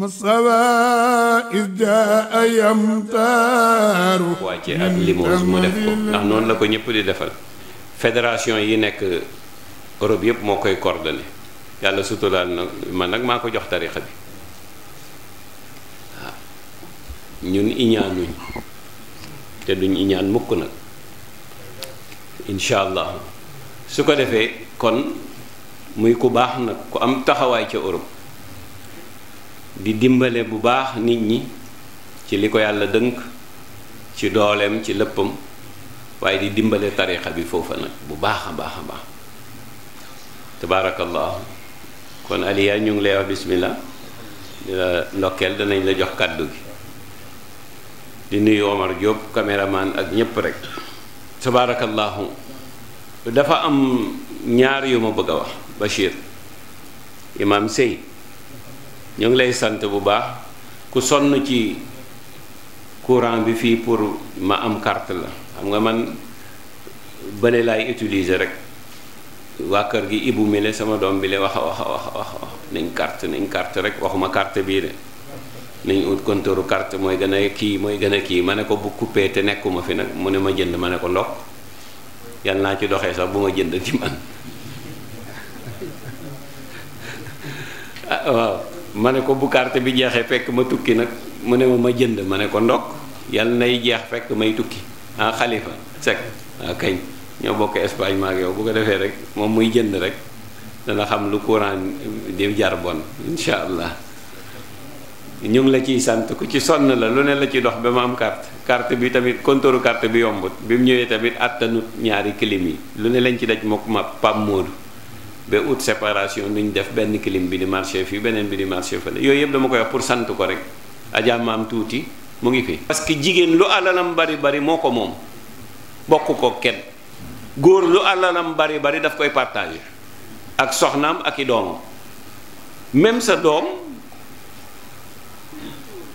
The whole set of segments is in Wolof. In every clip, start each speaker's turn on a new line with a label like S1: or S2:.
S1: wàcce ak Limoges mu def ko ndax noonu la ko ñëpp di defal fédération yi nekk Europe yëpp moo koy coordonné yàlla suturaal na man nag maa ko jox tarixa bi waaw ñun iñaanuñ te duñ iñaan mukk nag incha allah su ko defee kon muy ku baax nag ku am taxawaay ca Europe di dimbale bu baax nit ñi ci li ko yàlla dënk ci dooleem ci lëppam waaye di dimbale tarixa bi foofa nag bu baax a baax a baax tabaarakallahu kon aliya ñu ngi lay wax bismillah di la ndokkeel danañ la jox kàddu gi di nuyu Omar Diop caméraman ak ñépp rek tabaarakallahu dafa am ñaar yu ma bëgg a wax Bachir Imam Sey ñu ngi lay sant bu baax ku sonn ci courant bi fii pour ma am carte la xam nga man bële laay utilise rek waa kër gi ibu mi le sama doom bi lay wax a wax a wax a wax nañ carte nañ carte rek waxuma carte bii de nañ ut kontóoru carte mooy gën a kii mooy gën a kii ma ne ko bu coupé te nekkuma fi nag mu ne ma jënd ma ne ko ndox yàlla naa ci doxee sax bu ma jënd ci man ah, waaw ma ne ko bu carte bi jeexee fekk ma tukki nag mu ne ma ma jënd ma ne ko ndokk yàlla nay jeex fekk may tukki ah xalifa sec waaw ah kañ ñoo bokk Espagne ma yow bu ko defee rek moom muy jënd rek dana xam lu courant di jar bon incha allah ñu la ciy sant ku ci sonn la lu ne la ci dox ba ma am carte carte bi tamit kontóoru carte bi yombut bi mu ñëwee tamit attanut ñaari clim yi lu ne lañ ci daj mook ma Pam Modou ba ut séparation nu ñu def benn clim bi di marché fii beneen bi di marché fële yooyu yëpp dama koy wax pour sant ko rek Adja tuuti mu ngi fi. parce que jigéen lu alalam bari bari moo ko moom bokk ko kenn góor lu alalam bari bari daf koy partage ak soxnaam ak i doomam même sa doom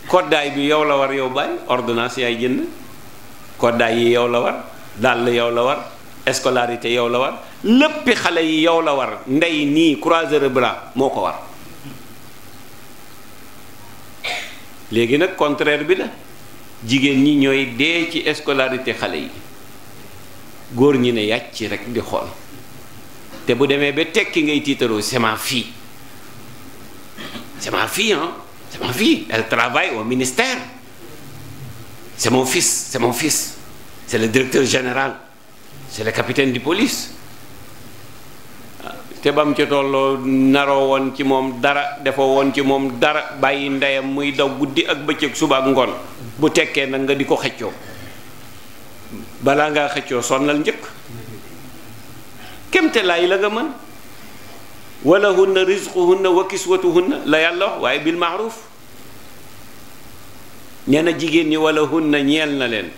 S1: koddaay bi yow la war yow bàyyi ordonnance yaay jënd koddaay yi yow la war dàll yow la war. scolarité yow la war léppi xale yi yow la war ndey nii croiser les moo ko war léegi nag contraire bi la jigéen ñi ñooy dee ci scolarité xale yi góor ñi ne yàcc rek di xool te bu demee ba tekki ngay tiitaroo c'est fii fille c'est ma fille hein c'est ma fille elle travaille au ministère c'est mon fils c'est mon fils le directeur général c'est le capitaine de police te bam ci tolloo naroo woon ci moom dara defoo woon ci moom dara bàyyi ndeyam muy daw guddi ak bëccëg suba ak ngoon bu tekkee nag nga di ko xëccoo balaa ngaa xëccoo sonnal njëkk kemte laay la nga mën wala hunna rizquhunna wa kiswatuhunna la yàlla waaye bil maaruf nee na jigéen ñi wala hunna ñeel na leen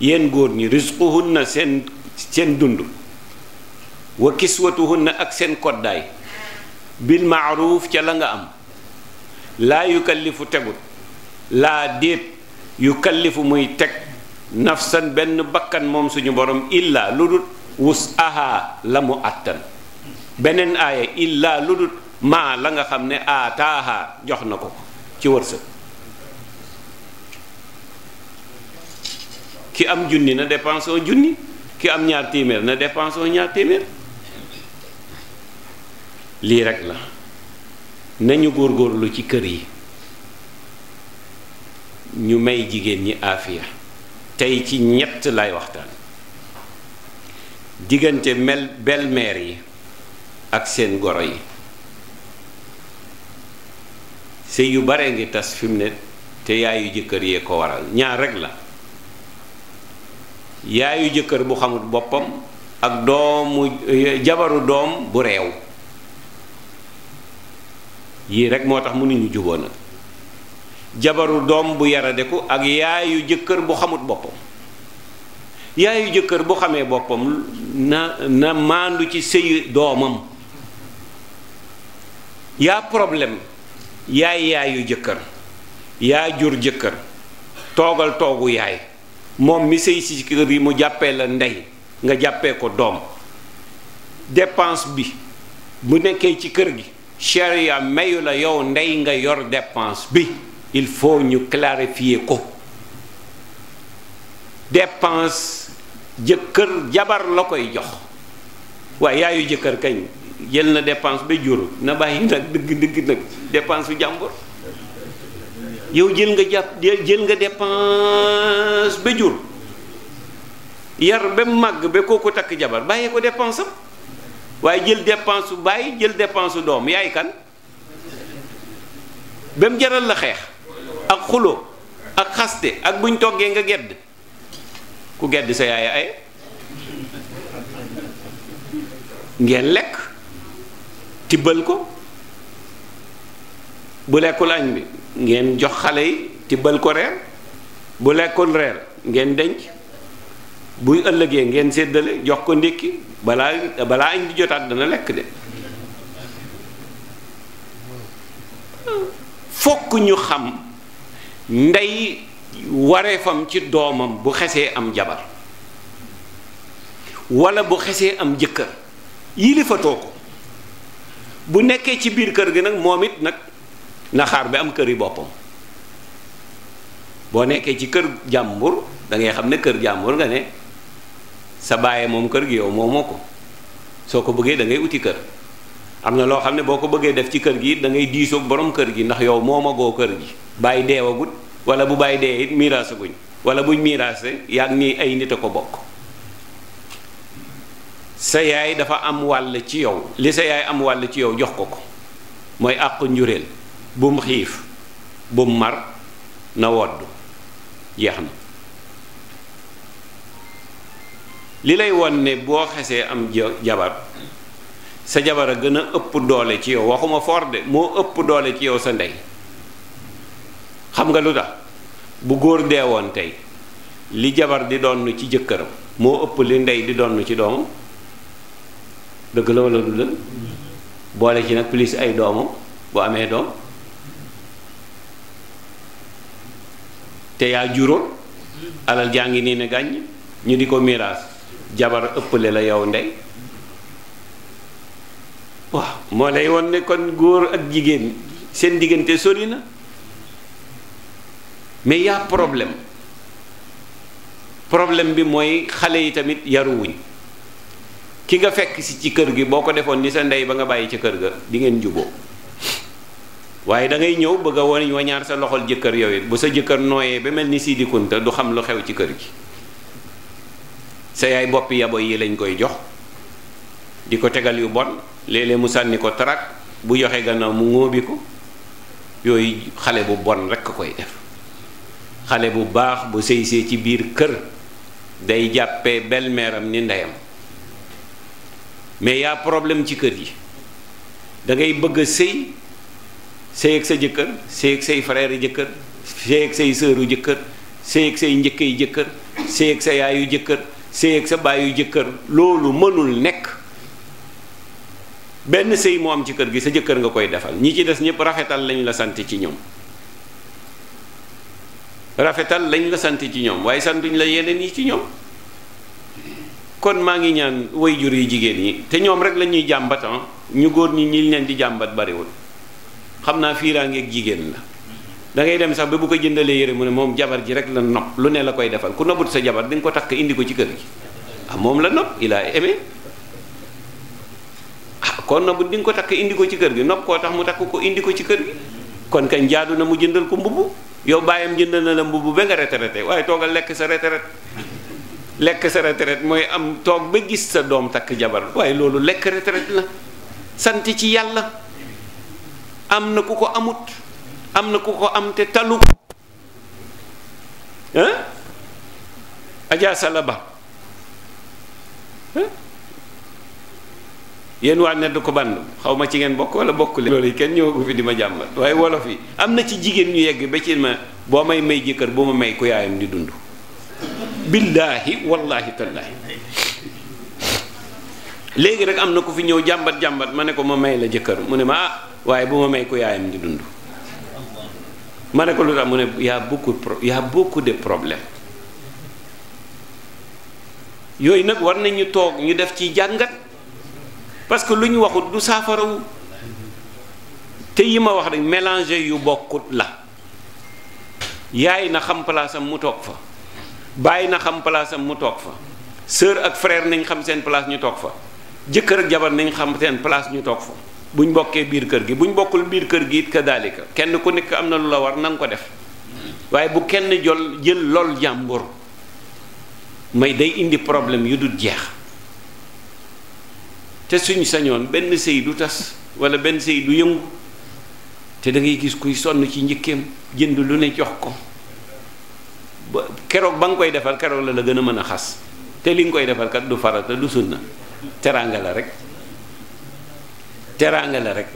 S1: yéen góor ñi rizquhunna seen seen dund wa kiswatuhunna ak seen koddaay bil maaruuf ca la nga am laa yukallifu tegut laa déet yukallifu muy teg nafsan benn bakkan moom suñu boroom illaa lu dut wus ahaa la mu àttan beneen aaya illaa lu dut maa la nga xam ne aataaha jox na ko ko ci wërsëg ki am junni na dépense junni ki am ñaar téeméer na dépense ñaar téeméer lii rek la nañu góorgóorlu ci kër yi ñu may jigéen ñi aafiya tey ci ñett lay waxtaan diggante mel belle-mère yi ak seen goro yi sëy yu bare ngi tas fi ne te yaayu jëkkër yee ko waral ñaar rek la yaayu jëkkër bu xamut boppam ak doomu eh, jabaru doom bu réew yii rek moo tax mënuñu juboo nag jabaru doom bu yaradeku ak yaayu jëkkër bu xamut boppam yaayu jëkkër bu xamee boppam na na maandu ci sëy doomam yaa problème yaay yaayu jëkkër yaa jur jëkkër toogal toogu yaay moom mi sëy si kër yi mu jàppee la ndey nga jàppee ko doom dépense bi bu nekkee ci kër gi charia mayu la yow ndey nga yor dépense bi il faut ñu clarifier ko dépense jëkkër jabar la koy jox waaye yaayu jëkkër kañ jël na dépense ba jur na bàyyi nag dëgg dëgg nag dépense su jàmbur yow jël nga jàpp jël nga dépense ba jur yar ba màgg ba ko takk jabar bàyyee ko dépense am waaye jël dépense su bàyyi jël dépense su doom yaay kan ba mu jaral la xeex ak xulo ak xaste ak buñ toggee nga gedd ku gedd sa yaay ay ngeen lekk tibbal ko bu lekkul añ bi ngeen jox xale yi tibbal ko reer bu lekkul reer ngeen denc buy ëllëgee ngeen séddale jox ko ndékki balaa balaa añ di jotaat dana lekk de fokk ñu xam ndey wareefam ci doomam bu xesee am jabar wala bu xesee am jëkkër yilifatoo ko bu nekkee ci biir kër gi nag moom it nag na bi am kër yi boppam boo nekkee ci kër jàmbur da ngay xam ne kër jàmbur nga ne sa bàyyee moom kër gi yow moomoo ko soo ko bëggee da ngay uti kër am na loo xam ne boo ko bëggee def ci kër gi it da ngay diisoog borom kër gi ndax yow moomagoo kër gi bàyyi deewagut wala bu bàyyi dee it guñ wala buñ miiraase yàgg nii ay nit a ko bokk sa yaay dafa am wàll ci yow li sa yaay am wàll ci yow jox ko ko mooy àq njureel bu mu xiif bu mar na wodd jeex na li lay won ne boo xesee am jabar sa jabar a gën a ëpp doole ci yow waxuma forde moo ëpp doole ci yow sa ndey xam nga lu tax bu góor dee woon tey li jabar di donn ci jëkkëram moo ëpp li ndey di donn ci doomam dëgg la wala du dëgg boole ci nag plus ay doomam bu amee doom te yaa juróom alal jaa ngi nii ne gàññ ñu di ko miraas jabar ëpple la yow ndey waaw moo lay won ne kon góor ak jigéen seen diggante sori na mais yaa problème problème bi mooy xale yi tamit yaruwuñ ki nga fekk si ci kër gi boo ko defoon ni sa ndey ba nga bàyyi ca kër ga di ngeen juboo waaye da ngay ñëw bëgg a wan wañaar sa loxol jëkkër yow it bu sa jëkkër nooyee ba mel ni Sidi Kunta du xam lu xew ci kër gi sa yaay boppi yabo yi lañ koy jox di ko tegal yu bon léeg mu sànni ko tarak bu yoxe gannaaw mu ngóobi yooyu xale bu bon rekk koy def xale bu baax bu sëy see ci biir kër day jàppee belle-mère ni ndeyam mais yaa problème ci kër yi dangay ngay bëgg sëy sëy ak sa jëkkër sëy ak say frère jëkkër sëy ak say sœuru jëkkër sëy ak yi jëkkër sëy ak sa yaayu jëkkër sëy ak sa baayu jëkkër loolu mënul nekk benn sëy moo am ci kër gi sa jëkkër nga koy defal ñi ci des ñëpp rafetal lañ la sant ci ñoom rafetal lañ la sant ci ñoom waaye santuñ la yeneen yi ci ñoom kon maa ngi ñaan way jur yi jigéen yi te ñoom rek lañuy ñuy ah. ñu góor ñi ñi leen di jàmbat bariwul xam naa fiiraangeeg jigéen la da ngay dem sax ba bu ko jëndalee yére mu ne moom jabar ji rek la nopp lu ne la koy defal ku nobbut sa jabar di ko takk indi ko ci kër gi ah moom la nopp il ah, kon nobbut di nga ko takk indi ko ci kër gi nopp koo tax mu takk ko indi ko ci kër kon kañ jaadu na mu jëndal ko mbubu yow bàyyam jëndal na la mbubu ba nga retraité waaye toogal lekk sa retraite lekk sa mooy am toog ba gis sa doom takk jabar waaye loolu lekk retraite la sant ci yàlla am na ku ko amut am na ku ko am te talu hein Adja Salaba yéen waa nedd ko band xaw ma ci ngeen bokk wala bokk leen yi kenn ñëwagu fi di ma jàmbat waaye wolof yi am na ci jigéen ñu yegg ba ci ma boo may may jëkkër bu ma may ku yaayam di dund billaahi wallaahi tallaahi léegi rek am na ku fi ñëw jàmbat jàmbat ma ne ko ma may la jëkkër mu ne ma ah waaye bu ma may ko yaayam di dund ma ne ko lu tax mu ne y a beaucoup pro de problèmes yooyu nag war nañu toog ñu def ci jàngat parce que lu ñu waxut du saafarawu te yi ma wax rek mélanger yu bokkut la yaay na xam palaasam mu toog fa bàyyi na xam palaasam mu toog fa sœur ak freer nañ xam seen place ñu toog fa jëkkër ak jabar nañ xam seen place ñu toog fa buñ bokkee biir kër gi buñ bokkul biir kër gi it kadalika kenn ku nekk am na lu la war na nga ko def waaye bu kenn jol jël lool jàmbur may day indi problème yu dul jeex te suñ sañoon benn sëy du tas wala benn sëy du yëngu te dangay gis kuy sonn ci njëkkeem jënd lu ne jox ko ba keroog ba nga koy defal keroog la la gën a mën a xas te li nga koy defal kat du farata du sunna teraanga la rek teraanga la rek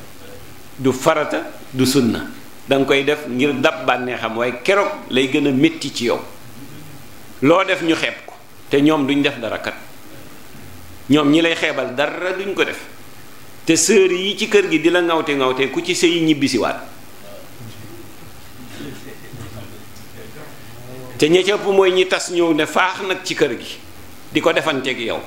S1: du farata du sunna danga koy def ngir dab bànnee xam waaye keroog lay gën a métti ci yow loo def ñu xeeb ko te ñoom duñ def dara kat ñoom ñi lay xeebal dara duñ ko def te sœur yi ci kër gi di la ngawte ngawte ku ci sëy ñibbisiwaat te ña ca mooy ñi tas ñëw ne faax nag ci kër gi di ko defanteeg yow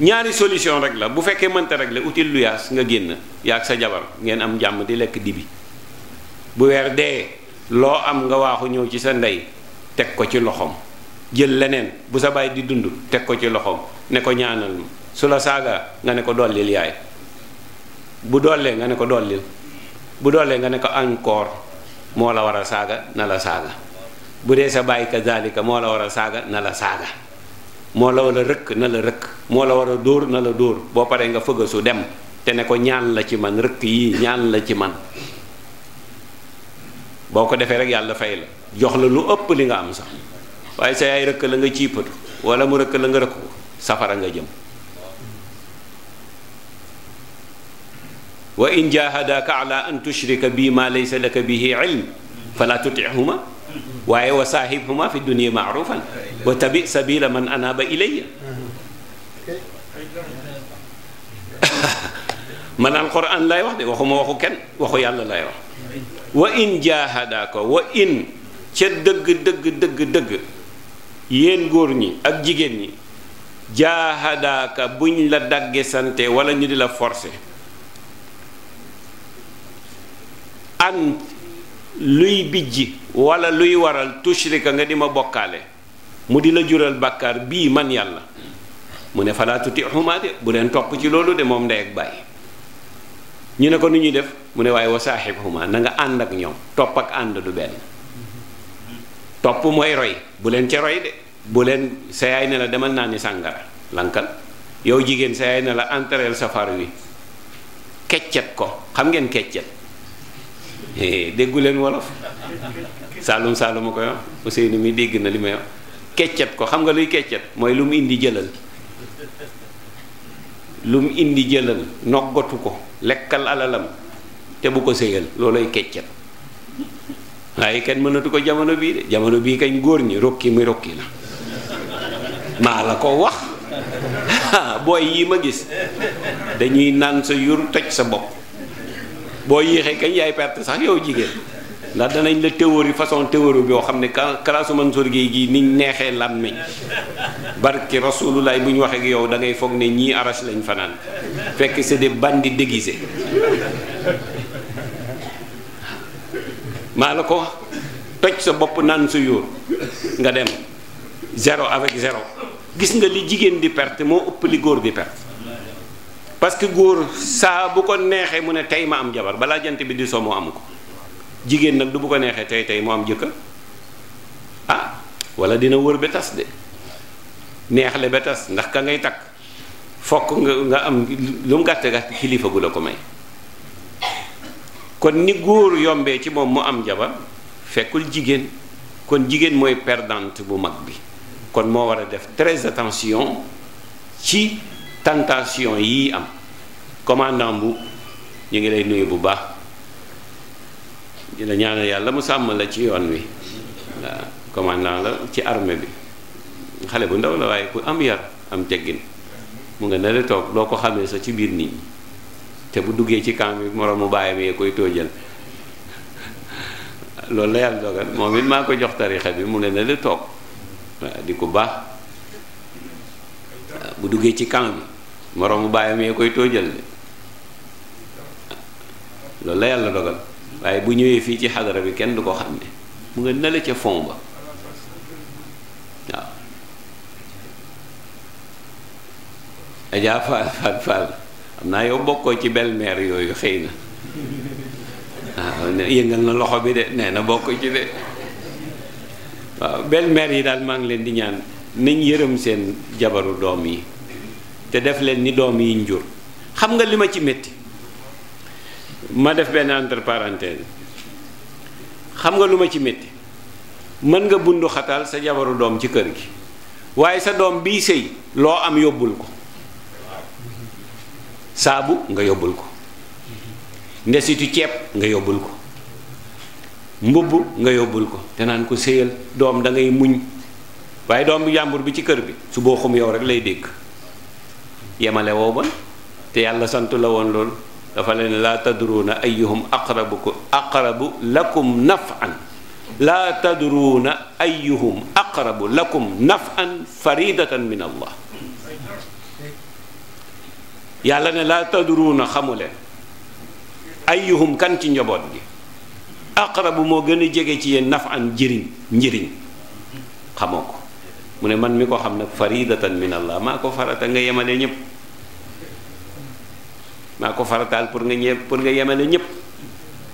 S1: ñaari solution rek la bu fekkee mënta rek la util lu yaas nga génn yaag sa jabar ngeen am jàmm di lekk dibi bu weer dee loo am nga waaxu ñëw ci sa ndey teg ko ci loxoom jël leneen bu sa baay di dund teg ko ci loxoom ne ko ñaanal ma su la saaga nga ne ko dollil yaay bu dollee nga ne ko dollil bu dollee nga ne ko encore moo la war a saaga na la saaga bu dee sa baay kazalika moo la war a saaga na la saaga moo la war a rëkk na la rëkk moo la war a dóor na la dóor boo paree nga fëgg fëggasu dem te ne ko ñaan la ci man rëkk yii ñaan la ci man boo ko defee rek yàlla fay la jox la lu ëpp li nga am sax waaye sa yaay rëkk la nga ciipatu wala mu rëkk la nga rëkk ko safara nga jëm wa in jahadaka ala an tushrika bi ma laysa laka bihi ilm fala tutihuma waaye wa saahibhuma fi dunya maarufan wa tabi sabila man anaba ilayya man alquran lay wax de waxuma waxu kenn waxu yàlla lay wax wa in jaahadaaka wa in ca dëgg dëgg dëgg dëgg yéen góor ñi ak jigéen ñi jaahadaaka ñu la dagge sante wala ñu di la forcer an luy bijji wala luy waral tushrika nga di ma bokkaale mu di la jural bàkkaar bii man yàlla mu ne falaa tuti xumaa de bu leen topp ci loolu de moom ndey ak bàyyi ñu ne ko nu ñuy def mu ne waaye wa saaxib xumaa na nga ànd ak ñoom topp ak ànd du benn topp mooy roy bu leen ca roy de bu leen sa yaay ne la demal naa ni sàngara lankal yow jigéen sa yaay ne la entereel sa wi keccet ko xam ngeen keccet Eh, déggu leen wolof saalum saalum a koy wax Ousseynou mi dégg na li may wax keccet ko xam nga luy keccet mooy lu mu indi jëlal lu mu indi jëlal noggatu ko lekkal alalam te bu ko séyal loolay keccet waaye kenn mënatu ko jamono bii de jamono bii kañ góor ñi rokki mi rokki la maa la ko wax booy yi ma gis dañuy naan sa yur toj sa bopp boo yéexee kañ yaay perte sax yow jigéen ndax danañ la théorie façon théorie boo xam ne kalaasu Mansour Gueye gi niñ neexee làmmiñ barki rasulullah bu ñu waxee ak yow da ngay foog ne ñii arrache lañ fanaan fekk c'est des bandits déguisés maa la ko toj sa bopp naan su yóor nga dem zéro avec zéro gis nga li jigéen di perte moo ëpp li góor di perte parce que góor saa bu ko neexee mu ne tey ma am jabar balaa jant bi di so mu am ko jigéen nag du bu ko neexee tey tey mu am jëkkër ah wala dina wër ba tas de neexle ba tas ndax ka ngay takk fokk nga nga am lu mu gàtt gàtt kilifa gu la ko may kon ni góor yombee ci moom mu am jabar fekkul jigéen kon jigéen mooy perdante bu mag bi kon moo war a def très attention ci tentation yii am commandant bu ñu ngi lay nuyu bu baax di la ñaanal yàlla mu sàmm la ci yoon wi waaw la ci armée bi xale bu ndaw la waaye ku am yar am teggin mu nga ne la toog loo ko xamee sa ci biir nit te bu duggee ci camp bi moroom mu bàyyi mi yee koy tóojal loolu la yàlla dogal moom it maa ko jox tarixa bi mu nga ne la toog waaw di ko baax bu duggee ci camp bi moroomu baayam yee koy tóojal de loolu la yàlla dogal waaye bu ñëwee fii ci xadara bi kenn du ko xam ne mu nga nele ca fond ba waaw ajaa faal faal faal xam naa yow bokkoo ci belle-mère yooyu xëy na waaw yëngal na loxo bi de nee bokk ci de waaw belle-mère yi daal maa ngi leen di ñaan nañ yërëm seen jabaru doom yi te def leen ni doom yi njur xam nga li ma ci metti ma def benn entre parenthèse xam nga lu ma ci metti mën nga bunduxatal sa jabaru doom ci kër gi waaye sa doom bii sëy loo am yóbbul ko saabu nga yóbbul ko ndesitu ceeb nga yóbbul ko mbubb nga yóbbul ko te naan ko sëyal doom da muñ waaye doom bi jàmbur bi ci kër bi su boo xum yow rek lay dégg yemale woo bon te yàlla santu la woon loolu dafa leen laa tadruuna ayyuhum aqrabukum aqrabu lakum naf'an laa tadruuna ayyuhum aqrabu lakum naf'an faridatan min allah yàlla ne laa tadruuna xamu leen ayyuhum kan ci njaboot gi aqrabu moo gën a jege ci yéen naf'an njëriñ njëriñ xamoo ko mu ne man mi ko xam nag faridatan min allah maa ko farata nga yemale ñëpp maa ko farataal pour nga ñe pour nga yemale ñëpp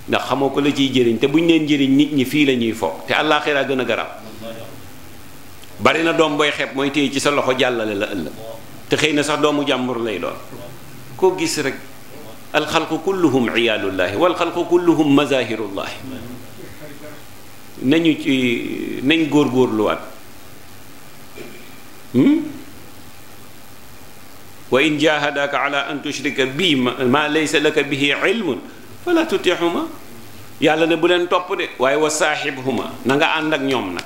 S1: ndax xamoo ko la ciy jëriñ te buñ leen jëriñ nit ñi fii la ñuy te te àllaaxira gën a garaaw bari na doom booy xeeb mooy téye ci sa loxo jàllale la ëllëg te xëy na sax doomu jàmbur lay doon koo gis rek alxalqu kulluhum iyaalullahi walxalqu kulluhum mazahirullahi nañu ci nañ góorgóorluwaat Hmm? wa in jahadaka ala an tushrika bi ma laysa laka bihi ilmun fala tutixuma yàlla ne bu leen topp de waaye wa saaxibhuma na nga ànd ak ñoom nag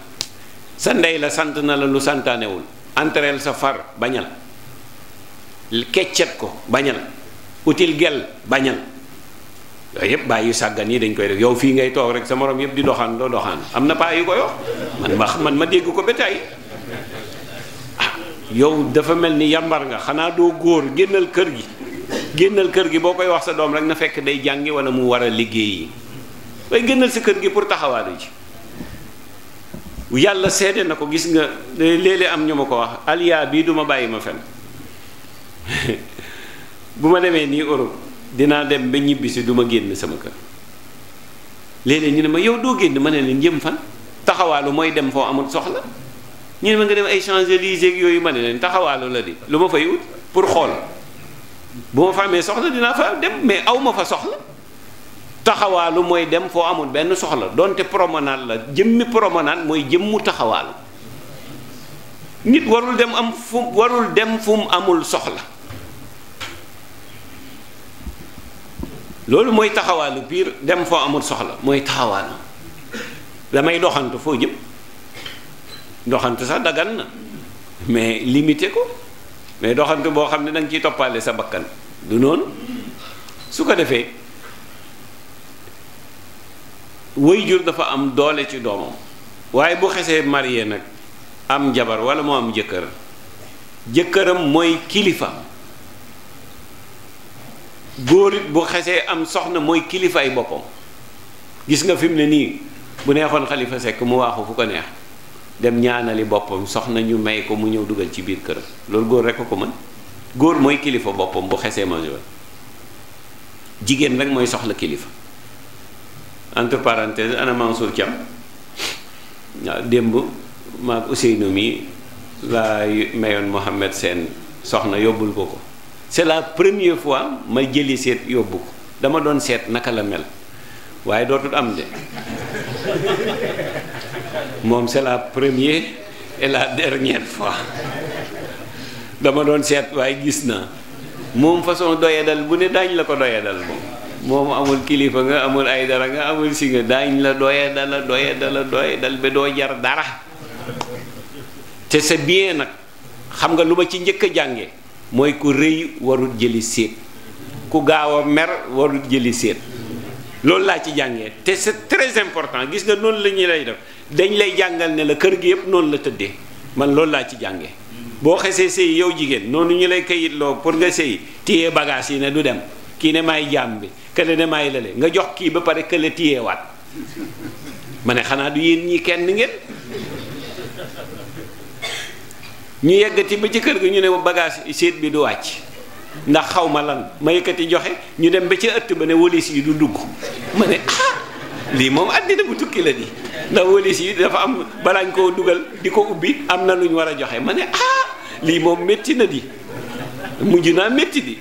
S1: sa ndey la sant na la lu santaanewul entreel sa far bañal keccet ko bañal util gel bañal yooyu yëpp bàyyi sàggan yi dañ koy def yow fii ngay toog rek sa morom yëpp di doxaan doo doxaan am na paa yu ko yox man ma man ma dégg ko ba tey yow dafa mel ni yambar nga xanaa doo góor génnal kër gi génnal kër gi boo koy wax sa doom rek na fekk day jàngi wala mu war a liggéeyi waaye génnal sa kër gi pour taxawaalu ji yàlla seede na ko gis nga léeg am ñu ma ko wax aliya bii duma bàyyi ma fen bu ma demee nii Europe dinaa dem ba ñibbisi du ma génn sama kër léeg-léeg ñu ne ma yow doo génn ma ne leen jëm fan taxawaalu mooy dem foo amul soxla ñu ne ma nga dem ay Champs-Élysées yooyu ma ne leen taxawaalu la di lu ma fay ut pour xool bu ma fa amee soxla dinaa fa dem mais awma ma fa soxla taxawaalu mooy dem foo amul benn soxla donte promenade la jëmmi promenade mooy jëmmu taxawaalu nit warul dem am fu warul dem fu amul soxla loolu mooy taxawaalu biir dem foo amul soxla mooy taxawaalu damay doxantu foo jëm doxante sax dagan na mais limité ko mais doxante boo xam ne da nga ciy sa bakkan du noonu su ko defee way jur dafa am doole ci doomam waaye bu xesee marié nag am jabar wala moo am jëkkër jëkkëram mooy kilifa góorit it bu xesee am soxna mooy kilifaay boppam gis nga fi mu ne nii bu neexoon xalifa sekk mu waaxu fu ko neex dem ñaanali boppam soxna ñu may ko mu ñëw dugal ci biir këram loolu góor rekk a ko mën góor mooy kilifa boppam bu xesee majeur jigéen rek mooy soxla kilifa entre parenthèse ana Mansour waaw démb maag Ousseynou mi laa mayoon Mohamed seen soxna yóbbul ko ko c'est la première fois ma jëli seet yóbbu ko dama doon seet naka la mel waaye dootul am de moom c'est la première et la dernière fois dama doon seet waaye gis naa moom façon doyadal bu ne daañ la ko doyadal moom moom amul kilifa nga amul ay dara nga amul si nga daañ la doyadala doyadala doyadal ba doo jar dara te c'est bien nag xam nga lu ma ci njëkk a jànge mooy ku rëy warul jëli séet ku gaaw a mer warul jëli seet loolu laa ci jàngee te c'est très important gis nga noonu la ñu lay def dañ lay jàngal ne la kër gi yëpp noonu la tëddee man loolu laa ci jànge boo xesee sëy yow jigéen noonu ñu lay kayitloo pour nga sëy téye bagage yi ne du dem kii ne maay jaam bi kële ne maay lale nga jox kii ba pare kële téyewaat ma ne xanaa du yéen ñi kenn ngeen ñu yeggati ba ci kër gi ñu ne bagage séet bi du wàcc ndax xaw ma lan ma yëkkati joxe ñu dem ba ca ëtt ba ne walis yi du dugg ma ne ah lii moom àddina bu tukki la di ndax walis yi dafa am balaañ koo dugal di ko ubbi am na lu ñu war a joxe ma ne ah lii moom métti na di mujj naa metti di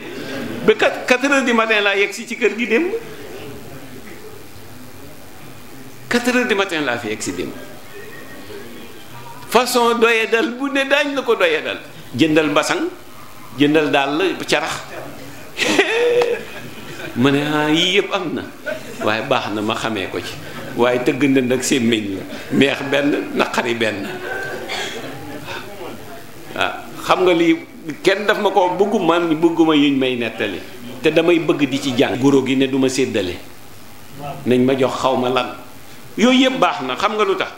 S1: ba quatre heures du matin laa yegg si ci kër gi dem quatre heures du matin laa fi yegg si dem façon doyadal bu ne daañ la ko doyadal jëndal mbasang jëndal daal la bu carax ma ne ah yii yëpp am na waaye baax na ma xamee ko ci waaye tëgg ndënd ak sémmiñ la meex benn naqari benn waaw xam nga lii kenn daf ma ko bëgguma bëgguma yuñ may nettali te damay bëgg di ci jàng guro gi ne duma séddale nañ ma jox xaw ma lan yooyu yëpp baax na xam nga lu tax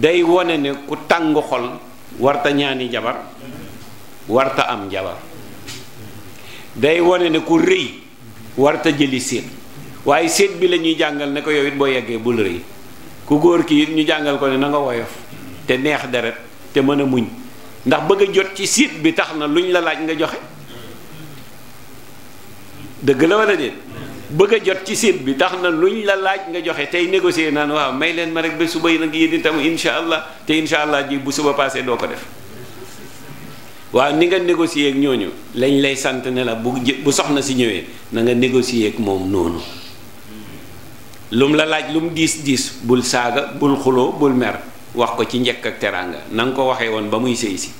S1: day wone ne ku tàng xol warta ñaani jabar warta am njabar day wone ne ku rëy warta jëli séet waaye séet bi la ñuy jàngal ne ko yow it boo yeggee bul rëy ku góor kii it ñu jàngal ko ne nanga woyof te neex deret te mën a muñ ndax bëgg a jot ci séet bi tax na lu ñu la laaj nga joxe dëgg la wala déet bëgg a jot ci séet bi tax na lu luñ la laaj nga joxe tey négocier naan waaw may leen ma rek ba suba nag yéen itam incha allah te incha allah ji bu suba passé doo ko def waaw ni nga négocier ñooñu lañ lay sant ne la bu bu soxna si ñëwee na nga négocier ak moom noonu lum la laaj lum diis diis bul saaga bul xuloo bul mer wax ko ci njëkk ak teraanga na nga ko waxee woon ba muy sëy si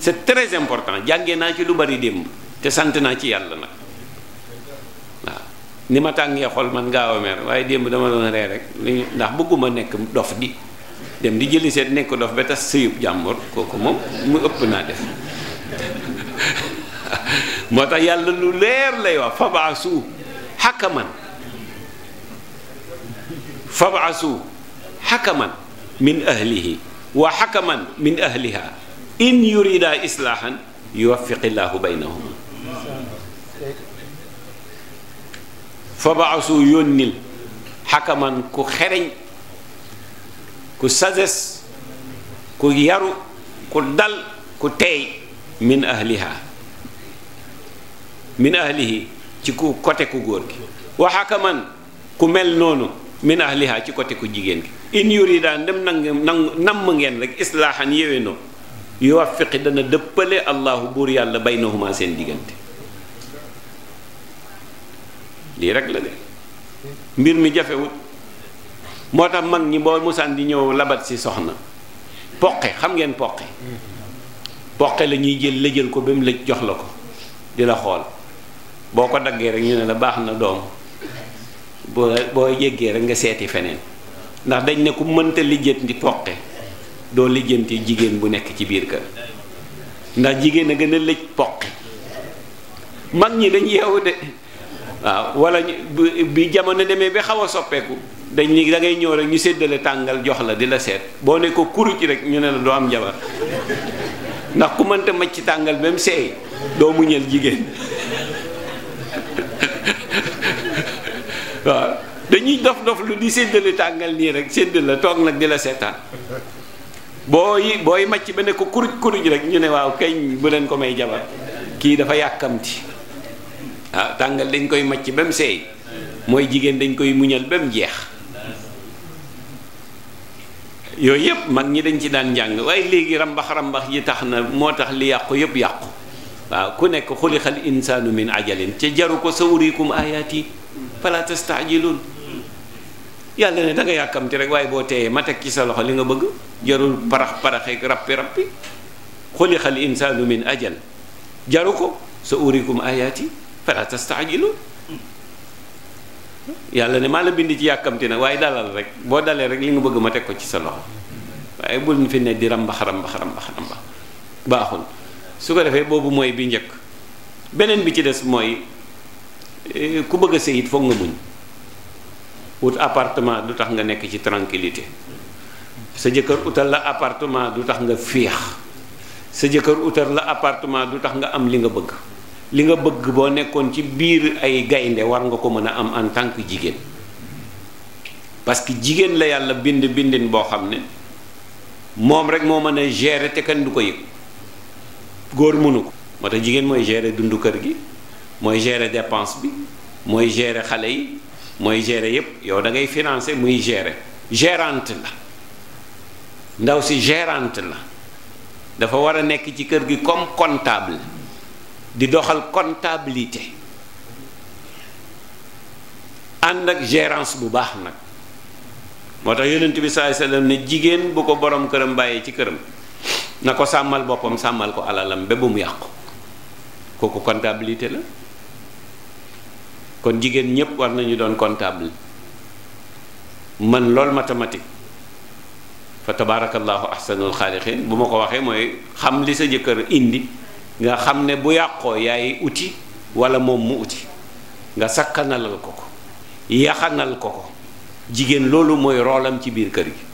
S1: c'est très important jàngee naa ci lu bari démb te sant naa ci yàlla nag waaw ni ma tàngee xol man gaaw a mer waaye démb dama doon ree rek li ndax bëgguma nekk dof di dem di jëli seet nekk dof ba tas sëyub jàmbur kooku moom mu ëpp naa def moo tax yàlla lu leer lay wax fabaasu xakaman fabaasu xakaman min ahlihi wa xakaman min ahliha in yurida islaahan yuwaffiqillaahu baynahuma fabaasu yónnil xakaman ku xereñ ku sages ku yaru ku dal ku teey min ahliha min ahlihi ci ku côté ku góor gi waxaka ku mel noonu min ahliha ci côté ku jigéen gi in yurida ndem nang namm ngeen rek islaaxan yéwénoo yuwaffiqi dana dëppale allahu buur yàlla baynahuma seen diggante lii rek la de mbir mi jafewut moo tax mag ñi boo musaan di ñëw labat si soxna poqe xam ngeen poqe poqe la ñuy jël lëjal ko ba mu lëj jox la ko di la xool boo ko daggee rek ñu ne la baax na doom boo boo yéggee rek nga seeti feneen ndax dañ ne ku mënta lijjanti poqe doo lijjanti jigéen bu nekk ci biir kër ndax jigéen a gën a lëj poqe mag ñi dañ yeewu de waaw wala bi jamono demee ba xaw a soppeeku dañ ni da ngay ñëw rek ñu séddale tàngal jox la di la seet boo ne ko kuruc rek ñu ne la doo am jabar ndax ku mënta macc ci tàngal ba mu seey doo muñal jigéen waaw dañuy dof dof lu di séddale tàngal nii rek séddal la toog nag di la seetaan booy booy macc ba ne ko kuruj kuruj rek ñu ne waaw kañ bu leen ko may jabar kii dafa yàkkamti waaw ah, tàngal dañ koy macc ba mu seey mooy jigéen dañ koy muñal ba mu jeex yooyu yëpp mag ñi dañ ci daan njàng waaye léegi rambax rambax yi tax na moo tax li yàqu yëpp yàqu waaw ku nekk xulixal insaanu min ajalin ca jaru ko sa wurikum ayaati fala tastaajiluun yàlla ne danga yàkkamti rek waaye boo teeyee ma teg ci sa loxo li nga bëgg jarul parax paraxeeg rappi rappi xulixal insaanu min ajal jaru ko sa urikum ayaati fala tastaajiluun yàlla ne maa la bind ci yàkkamti na waaye dalal rek boo dalee rek li nga bëgg ma teg ko ci sa loxo waaye bul ñu fi ne di rambax rambax rambax rambax baaxul su ko defee boobu mooy bi njëkk beneen bi ci des mooy eh, ku bëgg a sëy it foog nga muñ wut appartement du tax nga nekk ci tranquillité sa jëkkër utal la appartement du tax nga fiix sa jëkkër utal la appartement du tax nga am li nga bëgg li nga bëgg boo nekkoon ci biir ay gaynde war nga ko mën a am en tant jigéen parce que jigéen la yàlla bind bindin boo xam ne moom rek moo mën a gérer te kenn du ko yëg góor mënu ko moo tax jigéen mooy gérer dundu kër gi mooy gérer dépense bi mooy gérer xale yi mooy gérer yépp yow da ngay financer muy gérer gérante la ndaw si gérante la dafa war a nekk ci kër gi comme comptable di doxal comptabilité ànd ak gérance bu baax nag moo tax yonent bi sallallahu alayhi wasallam ne jigéen bu ko boroom këram bàyyee ci këram na ko sàmmal boppam sàmmal ko alalam ba bu yàqu kooku comptabilité la kon jigéen ñépp war nañu doon comptable man lool mathématique fa tabarakallahu ahsanul xaaliqin bu ma ko waxee mooy xam li sa jëkkër indi nga xam ne bu yàqoo yaay uti wala moom mu uti nga sakkanalal ko ko yaxanal ko ko jigéen loolu mooy roolam ci biir kër gi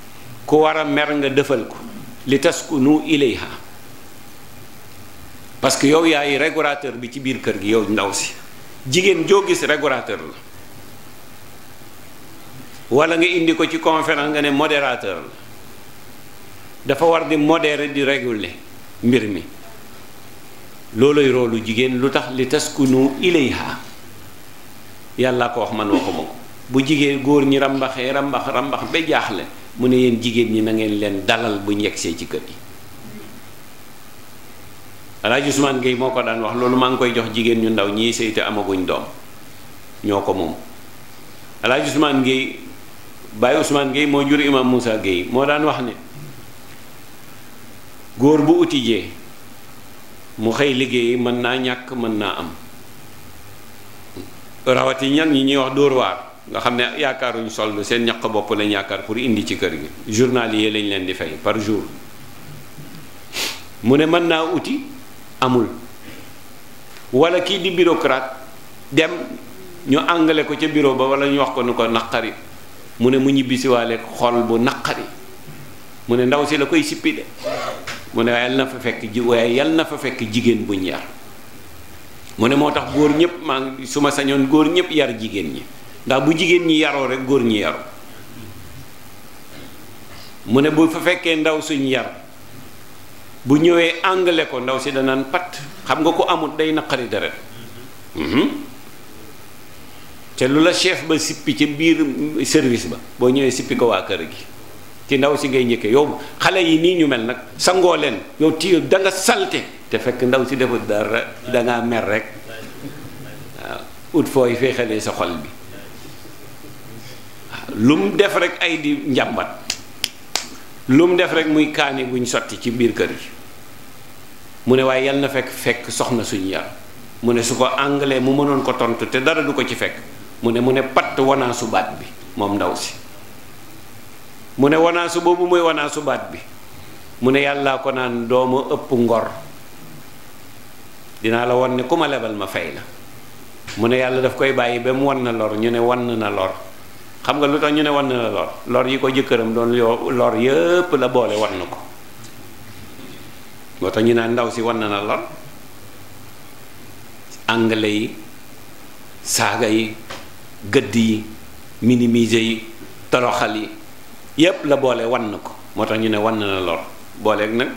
S1: ku war a mer nga defal ko li nu ilayha parce que yow yaay régulateur bi ci biir kër gi yow ndaw si jigéen joo gis régulateur la walla nga indi ko ci conférence nga ne modérateur la dafa war di modérer di réguler mbir mi looloy roolu jigéen lu tax li taskunu ilayha yàlla ko wax man waxuma ko bu jigéen góor ñi ràmbaxee rambax ràmbax ba jaaxle mu ne yéen jigéen ñi na ngeen leen dalal bu ñu see ci kër yi Alaaji Usmaan Gay moo ko daan wax loolu maa ngi koy jox jigéen ñu ndaw ñii sëy te amaguñ doom ñoo ko moom Alaaji Usmaan Gay Baay Usmaan Gay moo jur Imaam Moussa Gay moo daan wax ne góor bu utijee mu xëy liggéey mën naa ñàkk mën naa am rawat yi ñan ñi ñuy wax dóor waar nga xam ne yaakaaruñ solde seen ñaq bopp lañ yaakaar pour indi ci kër gi journalier lañ leen di fay par jour mu ne mën naa uti amul wala kii di bureaucrate dem ñu àngale ko ca bureau ba wala ñu wax ko nu ko naqari mu ne mu ñibbisiwaale xol bu naqari mu ne ndaw si la koy sippi de mu ne waaye yal na fa fekk ji waaye yal na fa fekk jigéen buñ yar mu ne moo tax góor ñëpp maa ngi su ma sañoon góor ñëpp yar jigéen ñi ndax bu jigéen ñi yaroo rek góor ñi yaru mu ne bu fa fekkee ndaw suñ yar bu ñëwee àngale ko ndaw si danaan pat xam nga ko amut day naqari deret mhm. te lu la chef ba sippi ca biir service ba boo ñëwee sippi ko waa kër gi ci ndaw si ngay njëkkee yow xale yi nii ñu mel nag sangoo leen yow ti da salte te fekk ndaw si deful dara da mer rek waaw ut fooy féexalee sa xol bi lu def rek ay di njàmbat lu def rek muy kaani buñ sotti ci biir kër gi mu ne waaye yal na fekk fekk soxna suñu yar mu ne su ko anglais mu mënoon ko tontu te dara du ko ci fekk mu ne mu ne patt wanaa su baat bi moom ndaw si mu ne wanaasu boobu mooy wanaasu baat bi mu ne yàllaa ko naan doomu ëpp ngor dinaa la won ne ku ma lebal ma fay la mu ne yàlla daf koy bàyyi ba mu wan na lor ñu ne wan na lor xam nga lu tax ñu ne wan na lor lor yi ko jëkkëram doon yo lor yépp la boole wan na ko moo tax ñu naan ndaw si wan na la lor anglais yi saaga yi gëdd yi minimiser yi toroxal yi yépp la boole wan na ko moo tax ñu ne wan na lor booleeg nag